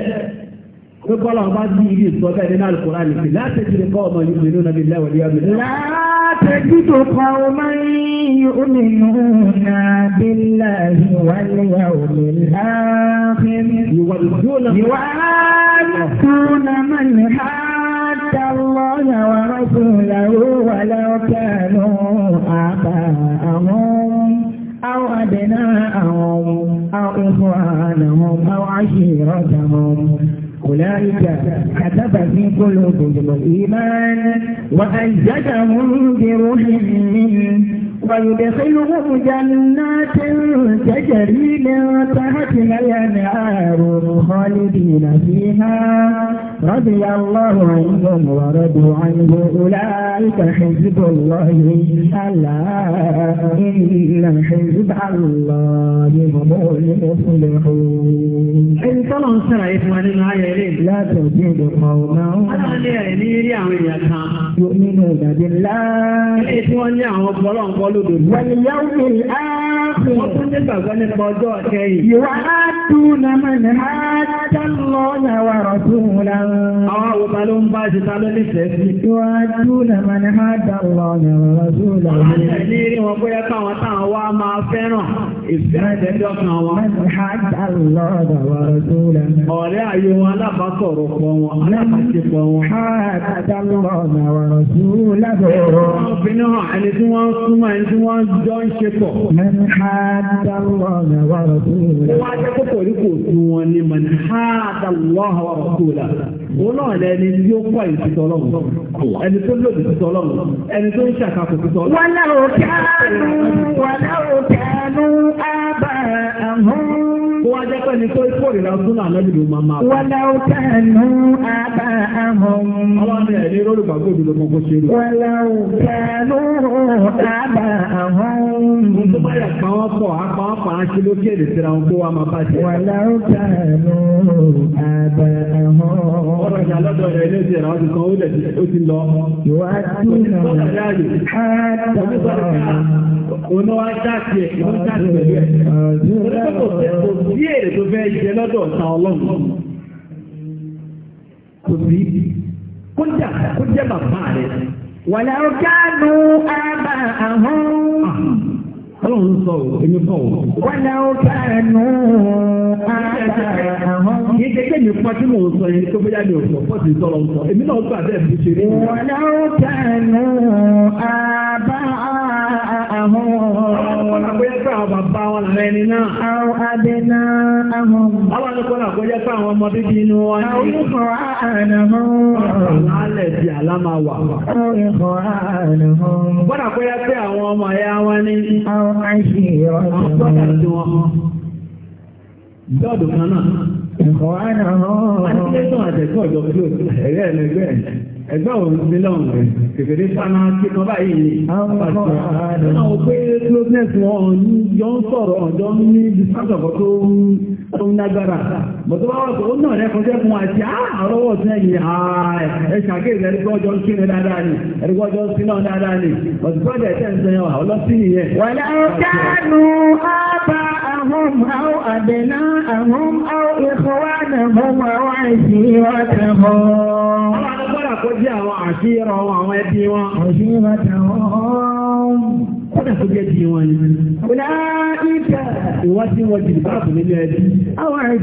pé bọ́lá ọba bí ibi ìsọ̀tẹ́ nínú àlùkòrán nìkì láti jíde kọ́ ọmọ yìí nínú nàbí ilé ìwọ̀lẹ́ ọmọ yìí. láti jíde kọ́ ọmọ yìí omi nùnà bí láàyè wàlẹ́ omi láàfẹ́ mi. ìwà ìdúnà máa ní hàtà lọ́yà wà lọ́sùn àwọn. أو أبناءهم أو إخوانهم أو عشيرتهم أولئك كتب في قلوبهم الإيمان وأيدهم بروح منه ويدخلهم جنات تجري من تحتها الأنهار خالدين فيها رضي الله عنهم ورضوا عنه أولئك حزب الله ألا إن حزب الله هم المفلحون إن طلعوا سنة إخواننا لا تجد قوما يؤمنون بالله واليوم الآخر يوعدون من عاد الله ورسوله Àwọn òta ló ń bá ṣe ta ló nífẹ̀ẹ́ sí. Ìwájú lẹ́mọ̀ ni máa dà lọ ọ̀rọ̀ Rọ̀súlà. Àwọn ẹ̀ní rí wọn bóyá káwọn táwọn wá máa fẹ́ràn ìfẹ́ ẹ̀dẹ́dọ́kan wọn. Ọ̀rẹ́ ayé wọn alábàákọ̀rọ̀ pọ̀ wọn, alábàáṣepọ̀ wọn. Obìnrin hàn ẹni tí wọ́n súnmọ́ ẹni tí wọ́n jọ ń ṣe pọ̀. Wọ́n ni mọ̀ ní háàdà lọ́hàwà òun náà lẹni tí ó kọ́ ìlú títọ́ ọlọ́run ẹni tó lòdì títọ́ ọlọ́run ẹni tó ń ṣàkàkọ̀ títọ́ ọlọ́run. wàlá òkè àánú wàlá òkè àánú ábà àhún wá jẹ́ pẹ́ni tó kórìíra súnà lẹ́bi ló máa máa. wọlé o kẹnu àbá ahọ́n. ọlọ́run ẹ̀ ní olùgbàgbọ́ òdodo kan kó ṣe é. wọlé o kẹnu àbá ahọ́n. mo tó bá yà pa wọ́n pọ̀ á pa wọ́n pa lókè lè tẹ̀ra wọn kó wá máa bá ṣe. wọlé o kẹnu àbá ahọ́n. ọ̀rọ̀ ìyá lọ́dọ̀ rẹ̀ ilé ìṣẹ̀ra ó ti kan ó lẹ̀ ó ti lọ. ìwà tí èrè tó fẹ́ jẹ lọ́dọ̀ ọ̀tá ọlọ́run kò sí kódà kó jẹ́ bàbá rẹ̀. wàlẹ̀ ọ̀gáàlù àbà àhún. ọlọ́run sọ o èmi kọ́ o. wàlẹ̀ ọ̀gáàlù àbà àhún. kì í ṣe pé mi pọ́n tí mò ń sọ yẹn tó bóyá mi ò sọ pọ́n tí ń sọ èmi náà gbà bẹ́ẹ̀ fi ṣe rí. wàlẹ̀ ọ̀gáàlù àbà àhún ahun. Àwọn àkójẹ́ pé àwọn bàbá wọn làrẹ ni náà. Àwọn abẹ náà ahun. Àwọn àlùkọ́lá àkójẹ́ pé àwọn ọmọ bíbí inú wọn ní. Àwọn ìfọ̀ ànàmọ́. Àlálẹ̀ di àlámà wà. Àwọn ìfọ̀ ànàmọ́. Bọ́dà àkójẹ́ pé àwọn ọmọ ẹ̀yà wọn ní. Àwọn àìsí ìrọ̀lẹ́ wọn. Àwọn bọ́dà àti wọn. Bọ́ọ̀dù kan náà. Ìfọ̀ ànàmọ́. Àti ẹgbẹ́ òun ní lọ́wọ́ rẹ̀ kèkèrè sáná tí kan báyìí ni àwọn pé closeness wọn jọ ń sọ̀rọ̀ ọ̀jọ́ ní disátọ̀kọ́ tó ń lágbára bọ̀tọ́ bá wọ́n tó náà rẹ́kọjẹ́ fún àti àárọ̀wọ̀ sí ẹ̀yìn ẹ̀ṣàkéèrè ẹ̀rígbọ́jọ́ sí ní dáadáa ni ẹ̀rígbọ́jọ́ sí náà dáadáa ni bọ̀tọ́jẹ́ tẹ́ kó àwọn àṣírọ̀ àwọn ẹbí wọn. Àṣírọ̀ tàwọn kódà tó jẹ́ di wọn ni. Kódà ìjà ìwádìí ẹbí. Àwọn Ẹni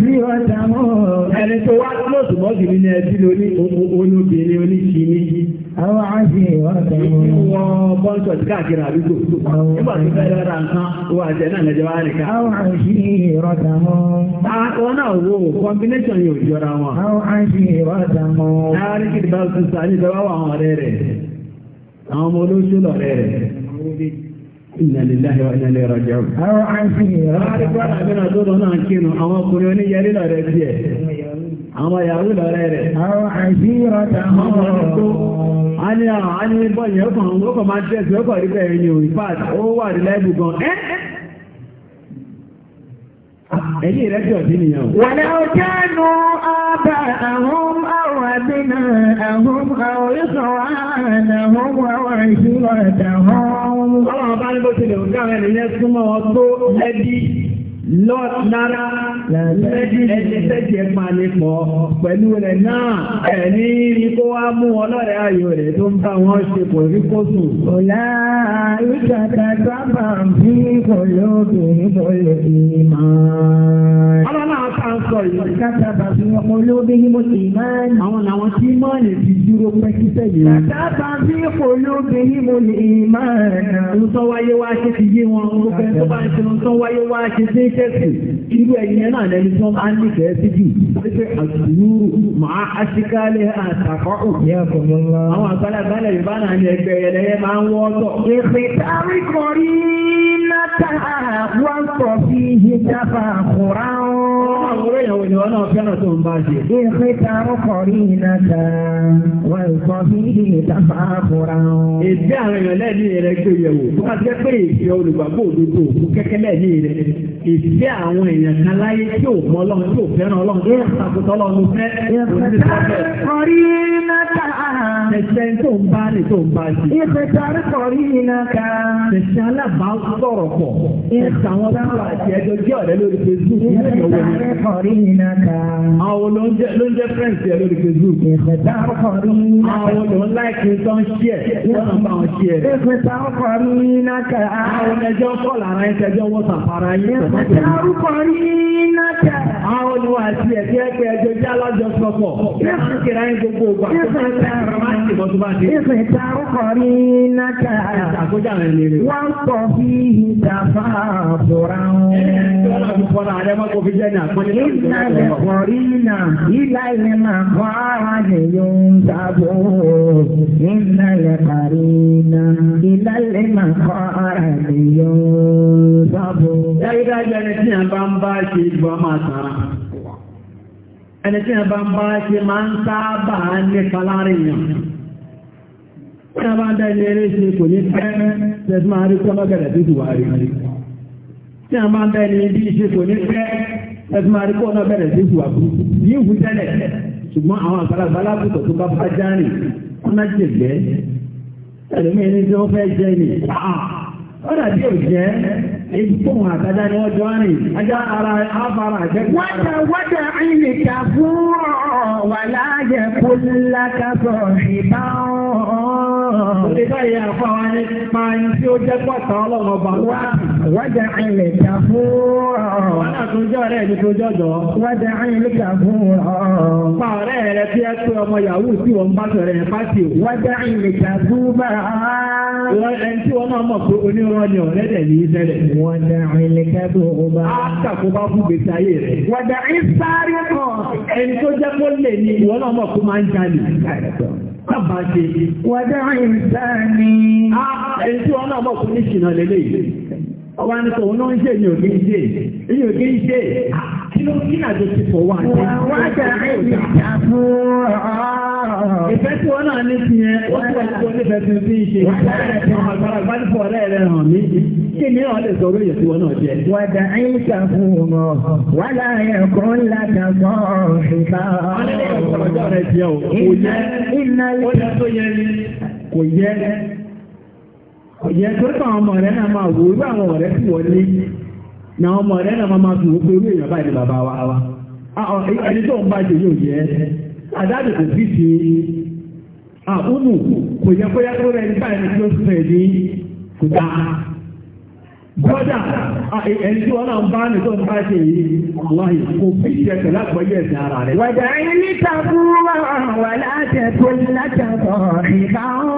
tó wá ẹbí olóbìnrin Àwọn Ìjì wọn bọ́ńsọ̀ tí káàkiri àdúgbò. Nígbà tó nǹkan, náà lẹ́jọ́ wá nìkan. Àwọn Àwọn yóò jọra wọn. Àwọn Láàárín ní ìjọba wà àwọn ọ̀rẹ́ rẹ̀. Àwọn ọmọ olóṣèlú ọ̀rẹ́ rẹ̀. Inna lillahi wa inna ilayhi raji'un. Àwọn àǹtí ni ìrọ̀. Àwọn àrígbà àbí náà tó lọ́nà kírun àwọn ọkùnrin oníyẹrí lọ́rẹ̀ tiẹ̀. Àwọn ìyàwó lọ́rẹ̀ rẹ̀. Àwọn àǹtí rọ̀ tà mọ́ ọ̀rọ̀ a ní àwọn àníbọ̀ yẹn ó kàn máa ń tẹ̀sí ó kàn rí bẹ́ẹ̀ ni ò ìfà ó wà ní láìbù gan ẹ́ ẹ̀yìn rẹ̀ jọ̀ sí nìyẹn o. ọjọ́ nu ọba àwọn àwàdínà àwọn àwòrán àwọn àwọn ìṣúra ẹ̀dá wọn. ọlọ́run bá ní bó tilẹ̀ òǹkà rẹ̀ nìyẹn súnmọ́ ọ tó ẹbí lọ́lára ẹ̀ẹ́dẹ́gbẹ̀ẹ́ máa lè pọ̀ pẹ̀lú rẹ̀ náà ẹ̀ ní ikó wá mú ọlọ́rẹ̀ ayò rẹ̀ tó ń bá wọn ṣe pọ̀ rí kóṣù. ọ̀la ìjọba sábà ń bí kò lóògùn níbo lè fi máa. ọlọ́run àwọn kan sọ yìí. kátàbà fi ọmọ olóògbé ní mo sì máa ń. àwọn làwọn tí máa lè fi dúró pẹ́ kíṣẹ́ yìí. kátàbà fi ọmọ olóògbé ní mo lè máa. ń tọ́wáyé wá ṣe ti yé wọn. ó fẹ́ tó bá ń ṣe ń tọ́wáyé wá ṣe ṣẹ́sì irú ẹ̀yìn náà lẹ́nu tí wọ́n máa ń nífẹ̀ẹ́ sí jù wípé àtúrú máa aṣíkálẹ̀ àtàkọ́ òkè àkọ́mọ́lá. àwọn àgbàlagbàlẹ̀ yorùbá náà ní ẹgbẹ́ ẹlẹ́yẹ máa ń wọ́ ọ́tọ̀. ìpìtàrí kọrí náta wọ́n sọ sí ìjábá àkùrá wọn. àwọn èèyàn wo wọn náà fẹ́ràn tó ń bá ṣe. ìpìtàrí kọrí náta wọ́n sọ sí ìjábá àkùrá wọn. èdè àwọn èèyàn lẹ́ẹ̀ni rẹ̀ gbé yẹ̀wò ìfẹ́ àwọn èèyàn kan láyé tí ò mọ ọlọ́run tí ò fẹ́ràn ọlọ́run tí ò sàkóso ọlọ́run fẹ́ òní sọ́fẹ́. kọrí náka. ẹsẹ̀ àwọn ló ń láìkí tó ń ṣí ẹ̀ wọ́n bá wọn ṣí ẹ̀. ìfẹ̀tàrí kọrí náka. àwọn ẹjọ́ kọ́ Dárúkọ rí nájà. Àwọn olùwà àti ẹ̀bí ẹgbẹ́ ẹjọ́ jẹ́ alájọ sọ̀pọ̀. Yẹ́sùn kìrá ní gbogbo ògbà. Yẹ́sùn dárúkọ rí nájà. Àkójá rẹ̀ lè rè. Wọ́n pọ̀ bí ìdàfà àbúrà wọn. Ìjọba ti fọ́nà àrẹ mọ́kò fi jẹ́ ní àpọ́nlé. Ìjọba kọ̀ rí nà ìlà ilẹ̀ máa kọ́ ara lè yọ ń sábò. Ìjọba kọ̀ rí nà ìlà ilẹ̀ máa kọ́ ara lè yọ ń sáàbò. Dájúdájú ẹni tí a bá ń bá ṣe ìgbọ́ máa tàrà. Ẹni tí a bá ń bá ṣe máa ń sáàbà ní kalárìyàn. Tí a bá ń dájú eré ṣe kò ní pẹ́ tẹ́tí máa rí kọ́lọ́gẹ̀rẹ̀ tó ti wà rí. Tí a bá ń dájú ibi ṣe kò ní pẹ́ tẹ́tí máa rí kọ́lọ́gẹ̀rẹ̀ tó ti wà rí. Yíò wú tẹ́lẹ̀ ṣùgbọ́n àwọn àgbàlagbà lábùkọ̀ tó ní tí wọ́n fẹ́ jẹ́ ni ọ̀nà bí ò èyí tó wọn àtàjá ni wọ́n jọ rìn ajá ara afárá àjẹkù. wọ́dà wọ́dà ìní kà fún ọ̀ wà láàyè kó lákàtọ̀ ìbá ọ̀. Olè báyìí Wọ́n Ẹni tí wọ́n náà mọ̀ pé onírọ́ ni ọ̀rẹ́dẹ̀ ní í ṣẹlẹ̀. Wọ́dà ìlẹ́kẹ́bù ọba. Àtàkó bá fún gbèsè ayé rẹ̀. Wọ́dà ìsáré kan. Ẹni tó jẹ́ kó lè ní ìwọ náà mọ̀ kó máa ń jalè. Bàbá ṣe. Wọ́dà ìsáré. Ẹni tí wọ́n náà mọ̀ kó ní ìṣìnà lélẹ́yìí ọwọ́ anìkọ̀ òun náà ń ṣe èyàn kí ṣe èyàn kí ṣe kí ló kí nàjọ ti fọ̀ wá àti wọ́n jẹ́ àìsí ìjàpọ̀ ìfẹ́ tí wọ́n náà ní ti yẹn ó ti wà kó nífẹ̀ẹ́ tí ń fi ṣe ọmọ àgbàrá gbádùfọ̀ ọ̀rẹ́ hàn mí kí ni wọ́n lè sọ̀rọ̀ èyàn tí wọ́n náà jẹ́. wàdà àìsà fún ọmọ wàlá ẹ̀kọ́ ńlá dàgbọ́ ìbá. wọ́n ní òjẹ́ tó kọ́ àwọn ọmọ ma náà máa wò irú àwọn ọ̀rẹ́ na ọmọ rẹ̀ náà máa fi wò irú èèyàn báyìí bàbá wa wa ẹni tó ń bá jẹ yóò jẹ́ àdáàbò kò sí ti kò yẹ kó yẹ kó nípa ẹni tó ní ẹni ń bá tó ń bá yìí kò fi ẹ̀sìn ara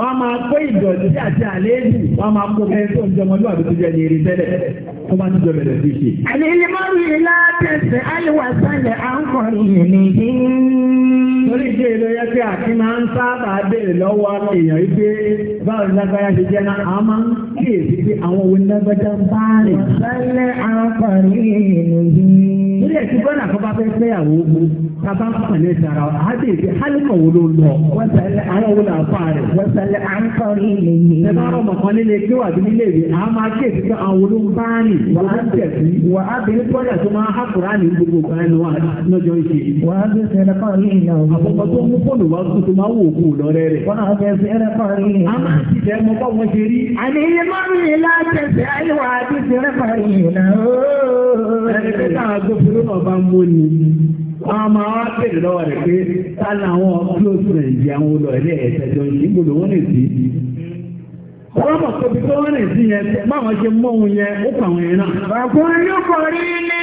wọ́n máa gbé ìdọ̀tí àti àléébù wọ́n máa kó bẹ́ẹ̀ tó ń jọmọ lóàbí tó jẹ́ ní eré tẹ́lẹ̀ tó bá ń jọ bẹ̀rẹ̀ sí ṣe. àlèlè mọ́rù ilá tẹ̀sẹ̀ àyíwá sálẹ̀ à ń kọ́ ìrìnì. torí ìṣe ìlú yẹ pé àti máa ń sábà béèrè lọ́wọ́ èèyàn wípé báwo ni lágbára ṣe jẹ́ náà àwọn máa ń kíyèsí pé àwọn òun lágbájá ń bá rìn. sálẹ̀ à ń kọ́ ìrìnì. nílé ìtúgbọ́n àkọ́bá fẹ́ fẹ́yàwó gbogbo àlẹ́ à ń kọrí ilé yìí. Ẹ bá rọ mọ̀kan nílé kí wà bí nílé ìwé, a máa kéèsì pé àwọn olóńgbáàní wà á tẹ̀ sí. Wà á bẹ̀rẹ̀ pọ́lẹ̀ tó máa há Kùránì gbogbo kan ẹnu wa lọ́jọ́ ìṣe. Wà á bẹ̀rẹ̀ fẹ́rẹ̀ kọrí iná òkú. Àkọ́kọ́ tó mú fóònù wá kó tó máa wò kú lọ́rẹ́ rẹ̀. Wà á bẹ̀rẹ̀ fẹ́rẹ̀ kọrí iná. A máa ti jẹ́ mọ́ wọ́n máa wá pèrè lọ́wọ́ rẹ̀ pé tálà àwọn close friends àwọn olóòlẹ̀ ẹ̀sẹ̀jọ ìṣígbòlò wọ́n lè sí. wọ́n lè sí yẹn báwọn ṣe mọ́ ohun yẹn ó pa àwọn yẹn náà. bàbá rí ní.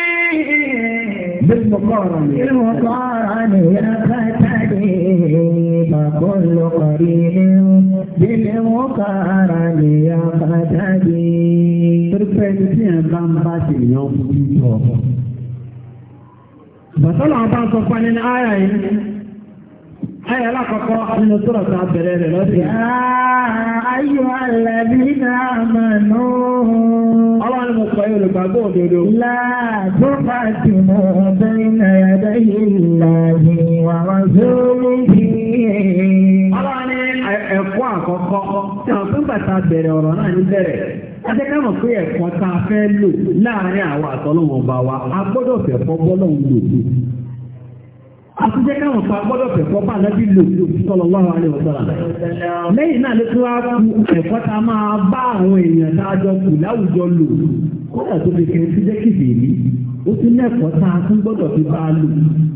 bẹ́ẹ̀ mo ya mi bàtọ́lọ̀ àbá sọ fún ẹni àyà yìí àyà alákọ̀ọ́kọ́ nínú sọ̀rọ̀ tó abẹ̀rẹ̀ rẹ̀ ya. ayò alẹ́bí náà mọ̀ nù. ọlọ́run mo pẹ̀lú olùgbàgbọ́ òdodo. láàbò bá ti mú bẹ́ẹ̀ náà dáyé ìlànà ìwà wọn sórí yìí. ọlọ́run ẹ̀kọ́ àkọ́kọ́ tí bàtà ọ̀rọ̀ náà Ajẹ́ ká mọ̀ pé ẹ̀kọ́ tá a fẹ́ lò láàárín àwọn àtọ́lọ́wọ̀n wa, a gbọ́dọ̀ fẹ́ fọ́ lò. káwọn gbọ́dọ̀ bá lọ́bí lò Lẹ́yìn náà ló tún wá tá a máa bá àwọn èèyàn a kù láwùjọ lò. Kódà tó fi kẹ́ ti jẹ́ kìfèrí, ó tá a tún gbọ́dọ̀ fi lò.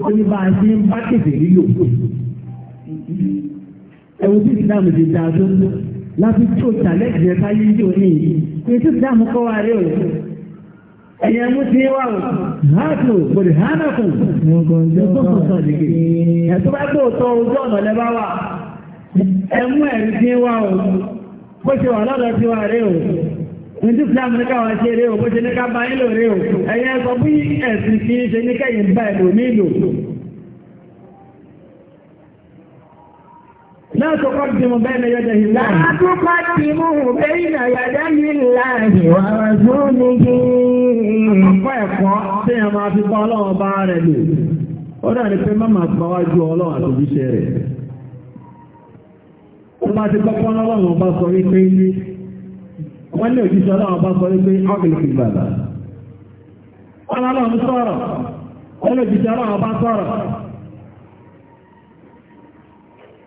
Ó ní bá a ṣe ń bá láti tó challenge rẹ̀ káyé ní òní tó kọ́ wa o ẹ̀yẹ mú ti wà o hàtò ẹ̀tọ́ bá gbọ́ ojú ọ̀nà lẹ́bá ẹ̀mú ẹ̀rí wà o bó ṣe wà lọ́dọ̀ wà o ní káwọn ṣe rí o, bó ṣe ní ká bá yín lò rí ẹ̀kọ́ bí ẹ̀sìn kì لا تقدموا بين يدي الله لا تقدموا بين يدي الله ورسوله Ọ̀pọ̀ ẹ̀kọ́ tí a máa fi bá ọlọ́run wọ́n ní òjíṣẹ́ ọlọ́run bá sọ wípé bàbá. Ọlọ́run ọlọ́run bá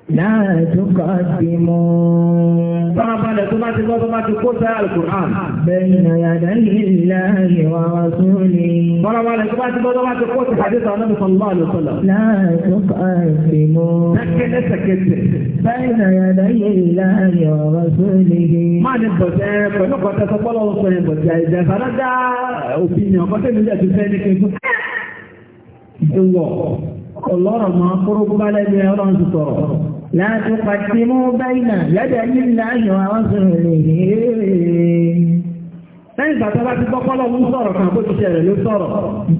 Láàtúkọ̀ ti mú. Fárabalẹ̀ tó bá ti gbọ́ tó bá ti kó sẹ́ Al-Qur'an. Bẹ́ẹ̀ni àyàdá nílá ìwà rasúlì. Fárabalẹ̀ tó bá ti gbọ́ tó bá ti kó sẹ́ Hadith Ànábì sallallahu alaihi wasallam. Láàtúkọ̀ ti mú. Sẹ́kẹ́lẹ́ sẹ́kẹ́tẹ̀. Bẹ́ẹ̀ni àyàdá nílá ìwà rasúlì. Máa ní bọ̀tẹ́ pẹ̀lú kọ́tẹ́ sọ́pọ́lọ́ sọ̀rọ̀ bọ̀tẹ́ àìjẹ́ لا تقدموا بين يدي الله ورسوله lẹ́yìn ìgbà tọ́lá ti gbọ́kọ́ lọ́wọ́ sọ̀rọ̀ kan bó ti ṣẹlẹ̀ ló sọ̀rọ̀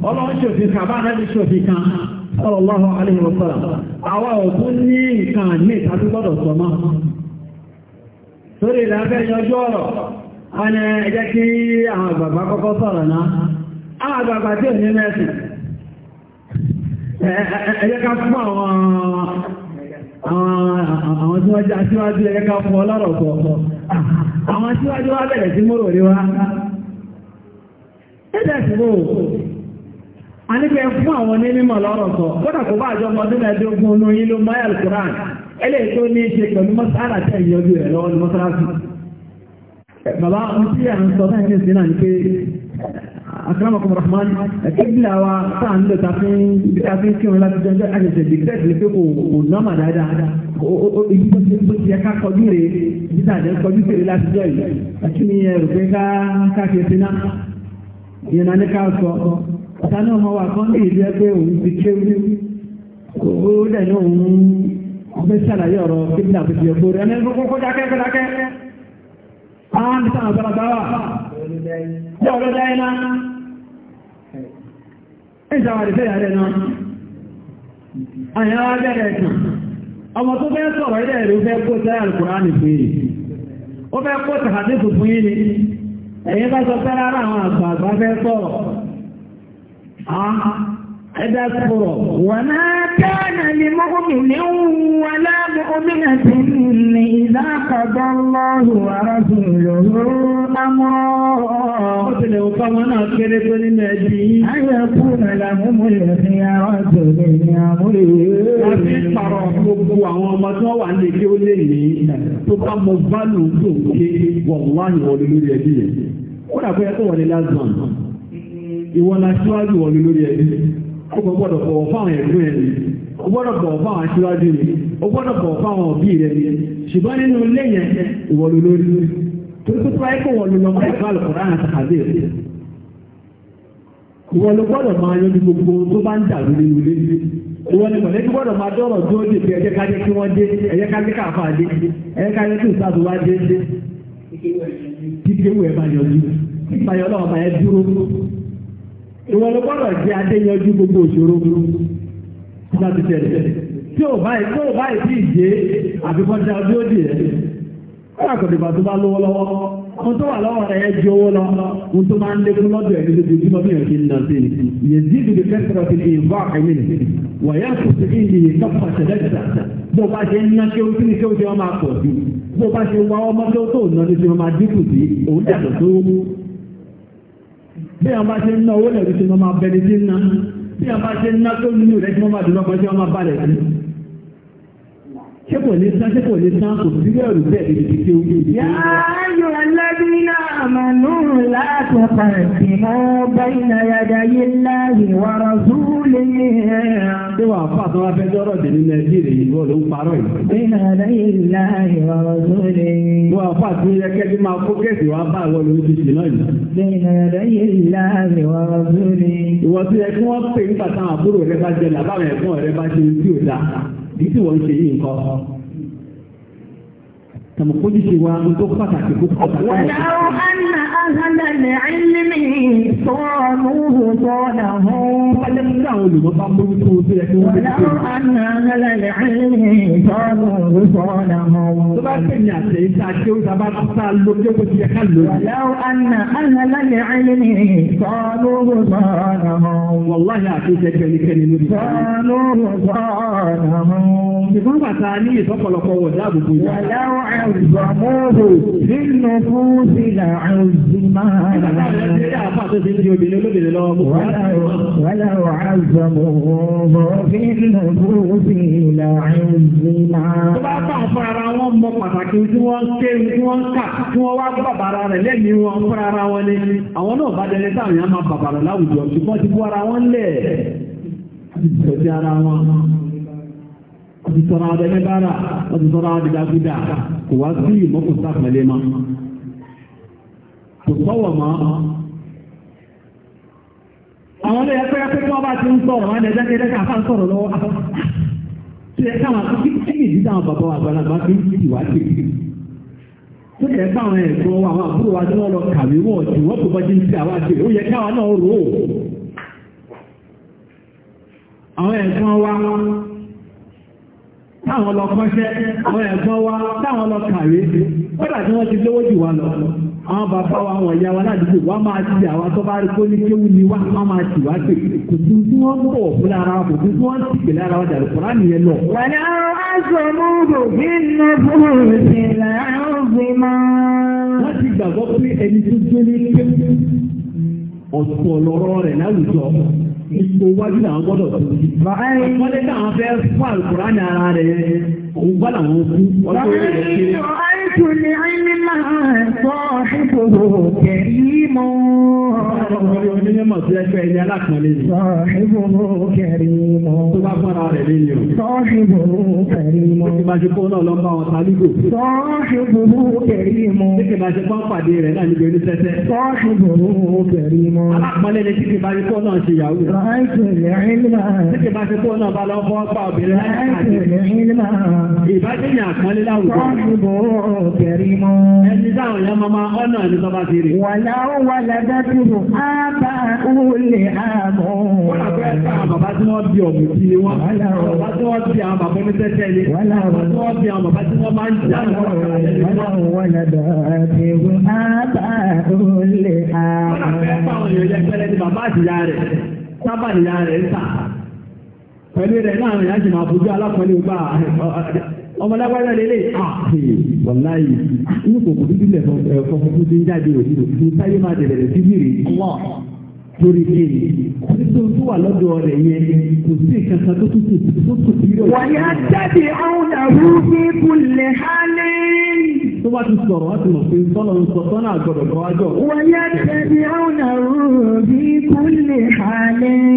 ọlọ́run ṣòfin kan bá ṣòfin kan òkú ní ní ìtàbí gbọ́dọ̀ a àwọn tí wọ́n jẹ́ aṣíwájú ká fún ọlọ́rọ̀ àwọn aṣíwájú wá bẹ̀rẹ̀ sí mọ́rò rí wá ẹ̀dẹ̀ ṣùgbọ́ a nígbẹ́ fún àwọn ní mímọ̀ lọ́rọ̀ sọ kódà kò bá àjọ ọmọdún mẹ́ẹ̀ẹ́dógún inú yín tó ní ṣe pẹ̀lú ìyọjú ẹ̀ lọ́wọ́ ní akramakum rahman kíbla wa tá à ń lò tafin tafin kí wọn láti jẹun àjẹsẹ dìgbẹ́ ìdílé pé kò kò o o ibi tó ti bó ti yẹ ká kọjú rè ibi tá à jẹ́ kọjú fèrè láti jọ yìí àti ní ẹ rò pé ká ká ṣe sí náà ìyẹn náà ní ká sọ ọ̀tá náà mọ wà kán ní ìlú ẹ pé òun ti kéwú o dẹ̀ ní òun ọ̀fẹ́ sàlàyé ọ̀rọ̀ kíbla àti ìyẹ̀kọ́ rẹ̀ ẹni kókó dákẹ́ dákẹ́ á ń sàn àgbàlagbà wà. Jẹ́ ọ̀rọ̀ dáyé náà. Ìjà wà lè fẹ́ ìyàrẹ̀ náà. Àyàn wá bẹ̀rẹ̀ ẹ̀kùn. Ọmọ tó fẹ́ sọ̀rọ̀ ilẹ̀ rẹ̀ fẹ́ kó tẹ́ Al-Kùránì fún yìí. Ó fẹ́ kó tàbí fún yìí ni. Ẹ̀yin bá sọ fẹ́ rárá àwọn àgbààgbà fẹ́ sọ̀rọ̀. Ẹ̀dá كان لمؤمن ولا مؤمنة إذا قضى الله ورسوله أمرا أن يكون لهم الخيارة من أمره Wọ́n dàbẹ́ ẹ̀kọ́ wọlé lásán, ìwọ̀n lásíwájú wọlé lórí ẹbí ó gbọ́dọ̀ fáwọn ẹ̀gbọ́n ẹ̀rí ó gbọ́dọ̀ fáwọn aṣíwájú rẹ̀ ó gbọ́dọ̀ fáwọn òbí rẹ̀ ni ṣùgbọ́n nínú ilé ìwọ̀lú lórí torí pé tíwáyé kò wọ̀lú lọ mọ́ ẹ̀kọ́ àlùkò rárá dúró ìwọ ló gbọ́dọ̀ jẹ́ adéyanjú gbogbo òṣòro nígbà tó tẹ̀lé tí ò báyìí tí ò báyìí tí ìjẹ́ àbíkọ́jà ọdún òdì ẹ̀ kọ́ra kò dìbò tó bá lówó lọ́wọ́ ohun tó wà lọ́wọ́ rẹ̀ ẹ ju owó lọ ohun tó máa ń lékún lọ́dọ̀ ẹ̀ níbi ojú ọdún yẹn kí n nà sí i yẹn zi bìbí kẹsìrọ̀ ti di ìfọ́ àkàmì nì wọ̀nyá kò sí kí ìyè kápá ṣẹlẹ̀ ṣàṣà bó bá ṣe ń ná kí ni kéwú ti wọn máa pọ̀ sí bó bá ṣe wá ọmọ tó nà ní ti wọn máa dínkù sí òun dàgbà tó bí àwọn bá ṣe ń ná owó lẹ́rú tí wọ́n máa bẹ̀rẹ̀ sí ń ná bí àwọn bá ṣe ń ná tó nínú rẹ̀ tí wọ́n máa dùn lọ́kọ̀ọ́ tí wọ́n máa balẹ̀ sí ṣé kò lè tán ṣé kò lè tán kò sí ẹ̀rù bẹ́ẹ̀ níbi tí ó yé ibi. yà á yọ ẹlẹ́bí náà mà nù látọ̀tà sí mọ́ bẹ́ẹ̀nà yàda yé láàyè wàrà zúlé. ṣé wàá fà tó wá fẹ́ nínú ẹbí rẹ̀ yìí wọ́n ń parọ́ yìí. bẹ́ẹ̀nà yàda yé láàyè wàrà zúlé. wàá fà tó yẹ máa kó kẹ́sì wá bá ìwọ lórí ti jìnnà yìí. bẹ́ẹ̀nà yàda yé láàyè wàrà 你是我的幸福。tàmùkójúṣe wa tó pàtàkì kó pàtàkì. Wàláwó Anna Ahana lè ilmi sọ́ọ̀nù sọ́ọ̀nà hàn. Wọ́n ní àwọn olùmọ̀ bá mójú tó tó yẹ kí wọ́n lè tó. Wàláwó Anna Ahana lè ilmi sọ́ọ̀nù sọ́ọ̀nà hàn. Tó bá pè ní àṣẹ ìta kí ó sábà sá ló kí ó ti yẹ ká lò. Wàláwó Anna Ahana lè ilmi sọ́ọ̀nù sọ́ọ̀nà hàn. Wàláyé àtúnṣe kẹ́nikẹ́ni hàn àgbàmọ́rò nínú fúnṣìlà àzìmá. Wàlá àzàmọ́rò nínú fúnṣìlà àzìmá. Tó bá bá fún ara wọn mọ pàtàkì tí wọ́n ké tí wọ́n kà tí wọ́n wá bàbàrà rẹ̀ lẹ́mìí wọn fún ara wọn ni. Àwọn náà bá dẹrẹ táwọn yẹn máa bàbàrà láwùjọ ṣùgbọ́n ti bú ara wọn lẹ̀. Àti ti sọ̀rọ̀ àwọn ẹgbẹ́ bára sọ̀rọ̀ àwọn kò wá sí ìmọ̀kù sápẹ̀lẹ̀ mọ́ kò sọ̀wọ̀ mọ́. àwọn ilé ẹgbẹ́ pé kí wọ́n bá ti ń sọ̀rọ̀ wọn ẹ̀jẹ̀ kẹ́kẹ́ kí afá ń sọ̀rọ̀ lọ́wọ́ afá. ṣé ẹ káwọn akókò kí ni ìdí táwọn bàbá wa àgbàlagbà fi ń fi ìwà sí i. ṣé ẹ bá àwọn ẹ̀sọ́ àwọn àbúrò wa tí wọ́n lọ kàwé wọ̀ tí wọ́n kò bọ́jú sí àwa sí ó yẹ káwọn náà rò ó. àwọn ẹ̀sọ́ wa táwọn lọ kọ́ṣẹ́ àwọn ẹ̀gbọ́n wa táwọn lọ kàwé kódà tí wọ́n ti lówó jù wá lọ àwọn bàbá wa àwọn ìyá wa ládùúgbò wa máa ti àwa tó bá kó ní kéwù ni wá wọ́n máa ti wá pé kò tún tí wọ́n bọ̀ fún lára kò tún tí wọ́n ń tìgbè lára wa dàrú kọ́ra nìyẹn lọ. wàlẹ́ àwọn aṣọ múlò bí nà máa. wọ́n ti gbàgbọ́ pé ẹni tó gbé ní kéwù ọ̀tọ̀ lọ́rọ̀ rẹ̀ láwùjọ ipò wájú làwọn gbọ́dọ̀ tó yí. wọ́n lé táwọn fẹ́ fún àlùkò ránì ara rẹ̀ òun kú rẹ̀ kéré. رأيت العلم صاحبه كريم صاحبه كريم صاحبه كريم صاحبه كريم صاحبه كريم Alápọ̀lẹ́ ni tí kì bá rí kẹrìmọ́. Ẹni dáhùn yẹn máa máa ọ́nà ẹni tó bá ti rí. Wàlá ó wà ládá tí mo á bá ó lè àmọ́. Wọ́n lọ bẹ́ẹ̀ bá àwọn bàbá tí wọ́n bí ọ̀mù bí wọn. Wàlá ó bàbá tí wọ́n bí àwọn bàbá onítẹ́tẹ́ yìí. Wàlá ó bàbá tí wọ́n bí àwọn bàbá tí wọ́n máa ń jà lọ́wọ́. Wàlá ó wà ládá tí mo á bá ó lè àmọ́. Wọ́n lọ bẹ́ẹ̀ bá àwọn èèyàn yẹn pẹ́lẹ́ ní bàbá àtìyá rẹ̀ sábà níyà rẹ̀ ń tà. Pẹ̀lú rẹ̀ náà ọmọlágbára lélẹ̀ àpè ah, wàláyé inú kòkò dúdú lẹ̀ ẹ̀fọ́ fún tó ń jáde òdìdó ní táyé máa tẹ̀lẹ̀ lọ sí mìíràn wọ́n lórí kéèyì orí tó tó wà lọ́dọ̀ rẹ̀ yẹn kò sí nǹkan kan tó tútù tó tútù yìí. wàyà jáde àwọn àrùn ní kulẹ̀ hálẹ́. tó bá ti sọ̀rọ̀ wá ti mọ̀ pé sọ́nà ń sọ sọ́nà àgọ́dọ̀ kan wájọ. wàyà jáde àwọn àrùn ní kulẹ̀ hálẹ́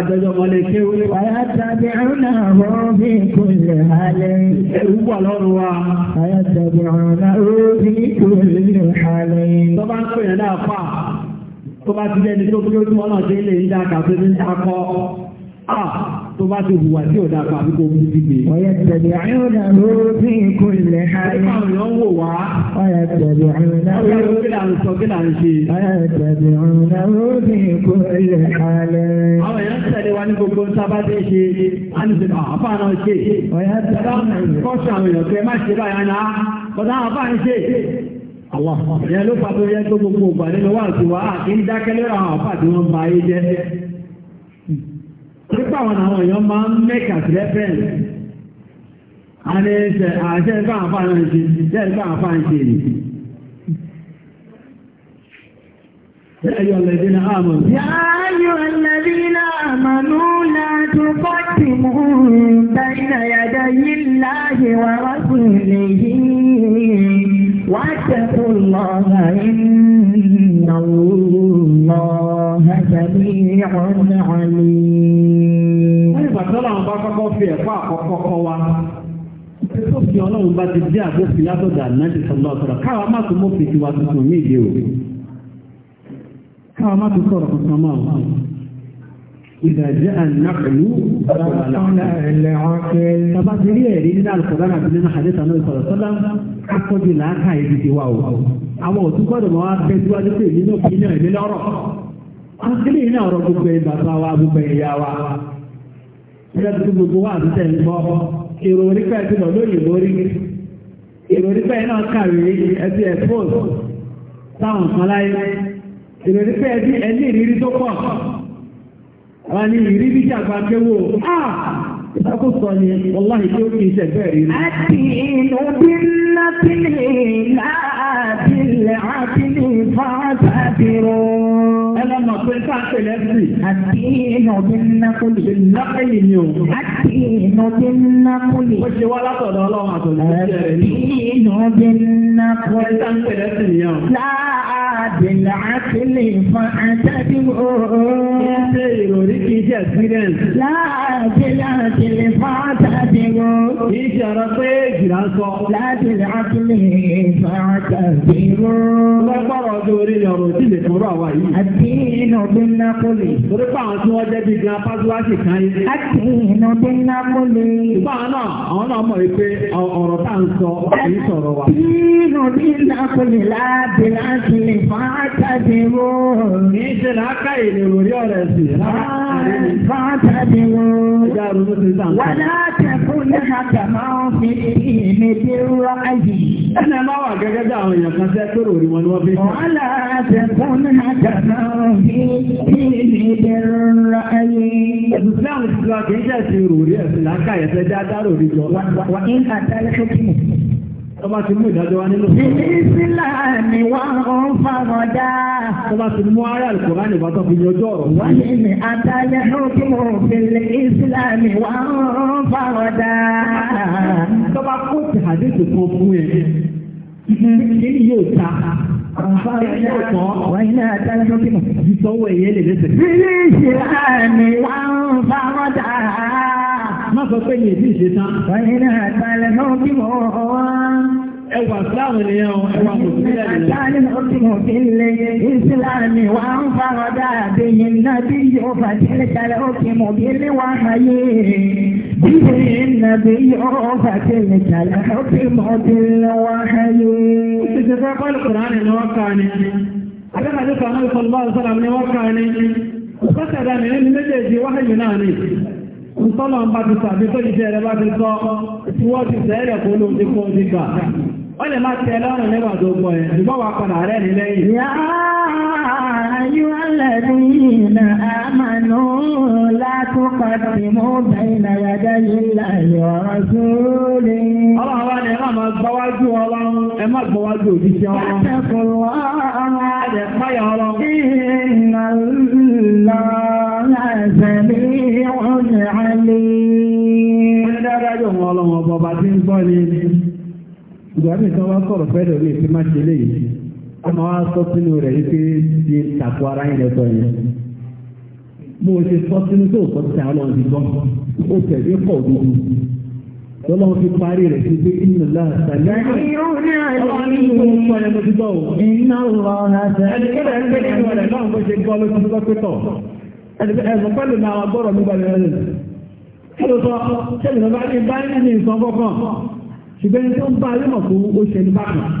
àjọjọ́ mọ́lé kéwú. Àyàtàbí ọ̀nà òbí kùlẹ̀ halẹ̀. Ẹ̀rù wà lọ́rùn wa. Àyàtàbí ọ̀nà òbí kùlẹ̀ halẹ̀. Tó bá ń pè yẹn náà fà, tó bá ti jẹ́ ní tó kí ó tún ọ̀nà délé ń dá kàfé ní akọ. Ah, tó bá ti hùwà tí ọ̀dà kan àbíkó mú sí gbé. ọ̀yẹ̀ tẹ̀lé àyọ̀dà lórí ìkúnlẹ̀ ayé. àwọn èèyàn wò wá. ọ̀yẹ̀ tẹ̀lé àyọ̀dà lórí ìkúnlẹ̀ ayé. àwọn èèyàn tẹ̀lé wa ní gbogbo sábà tẹ́ ṣe àníṣe àfáà náà ṣe. ọ̀yẹ̀ tẹ̀lé kọ́ṣù àwọn èèyàn kẹ́ má ṣe báyà náà kọ́ṣù àwọn àfáà ń ṣe. Àwọn ìyẹn ló pàtó yẹ tó gbogbo ògbà nínú wà sí wa àti ń dákẹ́ lẹ́rọ àwọn àfáà tí wọ́n ba ayé jẹ́ nípa àwọn àwọn èèyàn máa ń mẹ́kà sílẹ́fẹ́ẹ̀ àrẹ́ẹ̀ṣẹ̀ àṣẹ ìfà àfáàrẹ́ ṣe jẹ́ ìfà àfáàrẹ́ ṣe rẹ̀ يا أيها الذين آمنوا يا أيها الذين آمنوا لا تقدموا بين يدي الله ورسوله واتقوا الله إن الله سميع عليم bá kọ́kọ́ fi ẹ̀kọ́ àkọ́kọ́ kọ́ wa tó fi ọlọ́run bá ti dé àgbófin látọ̀dà náàdì sọ̀lọ́ ọ̀sọ̀rọ̀ káwa má tún mọ́fin tiwa tuntun ní ìdí o káwa má tún sọ̀rọ̀ tuntun máa wà. Ìdàjẹ́ ànáàlú ọ̀rọ̀ àlàkẹ́. Bàbá ti rí ẹ̀rí nínú àlùkọ̀dára àti nínú ilé tuntun gbogbo wà ní tẹ̀ ń gbọ́ èrò onípẹ́ ti lọ lóyìnbó rí èrò onípẹ́ náà kàwé ẹbí expose táwọn kan láyé èrò onípẹ́ ẹbí ẹni ìrírí tó pọ̀ àwọn ni ìrírí jàgbá kéwò áà ìsàkóso ni wọláhì tí ó kì í ṣẹ̀gbẹ́ rí. àti inú bí ńlá tí lè láàbí lè àbí lè fà á sábìrún mọ̀ pé káàpẹ̀ lẹ́sìn. àti iná bí nnákùlì. bí nnákùlì ni o. àti iná bí ó ṣe wá látọ̀dọ̀ ọlọ́run àtọ̀dọ̀ ìṣẹ́ rẹ̀ ní. àti iná bí nnákùlì. ẹ̀ káàpẹ̀ lẹ́sìn o. láàbìlà àtìlẹ̀ fún àtàdé o. ṣé ìròrí kì í ṣe experience. láàbìlà àtìlẹ̀ fún àtàdé o. kì í ṣe ọ̀rọ̀ pé jìrà ń sọ. láàbìlà àtìlẹ̀ fún àtàdé o. lọ́gbọ́rọ̀ ọdún orí ọ̀rọ̀ òjì lè fọ́rọ̀ àwa yìí. àti inú bí nápólì. Torí pa àwọn tí wọ́n jẹ́ bí gan pásíwáṣì kan yìí. A ti inú bí nápólì. Ìgbà náà, àwọn náà mọ̀ pé ọ̀rọ̀ tá ń sọ èyí sọ̀rọ̀ wa. Inú bí nápólì láàbì láti lè fà á tàbí wò. Kì í ṣe láàká ìlérò rí ọ̀rẹ́ sí. Fà á tàbí wò. Ìjà ronú ti sàn. Wà látẹ̀kùn ní àtàmá òfin ìmẹ̀dẹ̀ rọ̀ ayì. Ẹnì ẹ̀ máa wà gẹ́gẹ́ bí àwọn èèyàn kan tẹ́ kúrò ní wọn ni wọ́n fi. Wà látẹ̀kùn ní àtàmá òfin Ìsìláàmù ìsìláàmù kìí ṣe ẹ̀sìn ìròrí ẹ̀sìn láńkà ẹ̀sẹ̀ dá dárò rí jọ. Wà ní àtàlẹ́ tó kí mù. Tó bá ti mú ìdájọ́ wá nínú. Ìsìláàmù wà ń fàrọ̀ dá. Tó bá ti mú ara ìkọ̀rá nìbá tó fi yọjọ́ ọ̀rọ̀. Wà ní àtàlẹ́ tó kí mù fìlẹ̀ ìsìláàmù wà ń fàrọ̀ dá. Tó bá Mm-hmm. kíni yóò ta kíni yóò tọ́ wáyé náà dára tó kíni ìsọwọ́ ẹ̀yẹ lè lẹ́sẹ̀. ilé ìṣe àmì wà ń fáwọn dà má sọ pé ní ìṣe tán. wáyé náà dára tó kíni ọ̀hún ẹwà sáàmù ni ẹ̀wọ̀n ẹwà mùsùlùmí ẹ̀dùn. Àtàlí ọ̀tìmọ̀ fi lè wà ń fáwọn dáadé bí به النبي فتلك الحكمة الوحي استفاق القرآن الوقاني هذا حديث عن صلى الله عليه وسلم الوقاني وقصد من المجد وحي ناني وصلى الله عليه وسلم بكل شيء لبعض الصاق سواجه سهل يقولون ذكو ذكا wọ́n lè máa tẹ lọ́rùn nígbà tó gbọ́ ẹ̀ ṣùgbọ́n wà padà rẹ̀ ní lẹ́yìn. Yàá ayú alẹ́ ní ìlànà àmàlú lá تقدموا بين يدي الله ورسوله Ọlọ́run wá ní máa gbọ́wájú ọlọ́run, ẹ máa gbọ́wájú òjíṣẹ́ ọlọ́run. Ẹ̀kùn wá ọ̀rọ̀ ẹ̀dẹ̀ páyà ọlọ́run. Ìnà lọ́rọ̀ ẹ̀sẹ̀ ní ọ̀nà àlè. Ó ní dáadáa fẹ́ bó ṣe sọ sínú tó sọ sí àwọn ọ̀dì gan ó tẹ̀lé pọ̀ dúdú lọ́lọ́run fi parí rẹ̀ sí pé inú láà sàlẹ̀ ọ̀rọ̀ ní ìlú ọ̀pọ̀ ẹ̀ mo ti gbọ́ o. iná lọ àtẹ. ẹni kí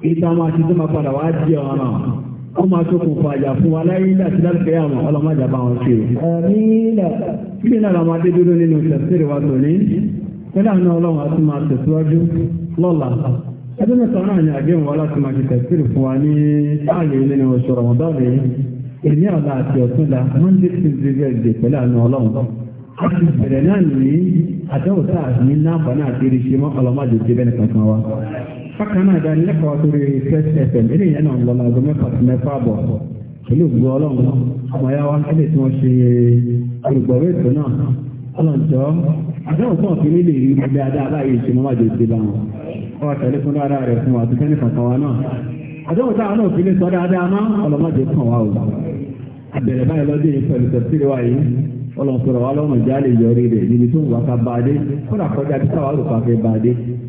ìtàn máa ti tó máa padà wá di ọ̀rọ̀ náà ó máa tó kò fàjà fún wa láyé ilé àti láti kẹyà àwọn ọlọ́mọdé bá wọn ṣe o. kí ni àwọn adé dúró nínú tẹ̀síìrì wa lónìí pẹ̀lú àwọn ọlọ́run àti máa tẹ̀síwájú lọ́la ẹgbẹ́ mẹ́ta náà ni àdéhùn wa láti máa ti tẹ̀síìrì fún wa ní ààyè nínú oṣù rọ̀mọ̀dọ́rì èmi ọ̀la àti ọ̀túnla monday tuesday wednesday pẹ̀lú àwọn ọlọ́run àti Fakana náà dání lẹ́kọ̀ọ́ torí fresh fm eléyìí náà ń lọ láago mẹ́fà sí mẹ́fà bọ̀ pẹ̀lú ògbó ọlọ́run ọmọ yá wa kílè tí wọ́n ṣe olùgbọ̀wé ètò náà ọlọ́njọ́ àdáhùn fún ọ̀fìn nílé ìlú ilé adá aláyé ìṣe mọ́ wájú ìdílé bá wọn ọwọ́ tẹ̀lé fún dáadáa rẹ̀ fún wa àti fẹ́ni kankan wa náà àdáhùn táwọn náà fi lè sọ dáadáa má ọlọ́mọdé kàn wá o àbẹ̀rẹ̀ báyìí lọ́dún yìí pẹ̀lú tẹ̀síri wa yìí ọlọ́nkọ̀rọ̀ wa lọ́rùn jálè yọrí rẹ̀ níbi tó ń wá ká bá a dé kó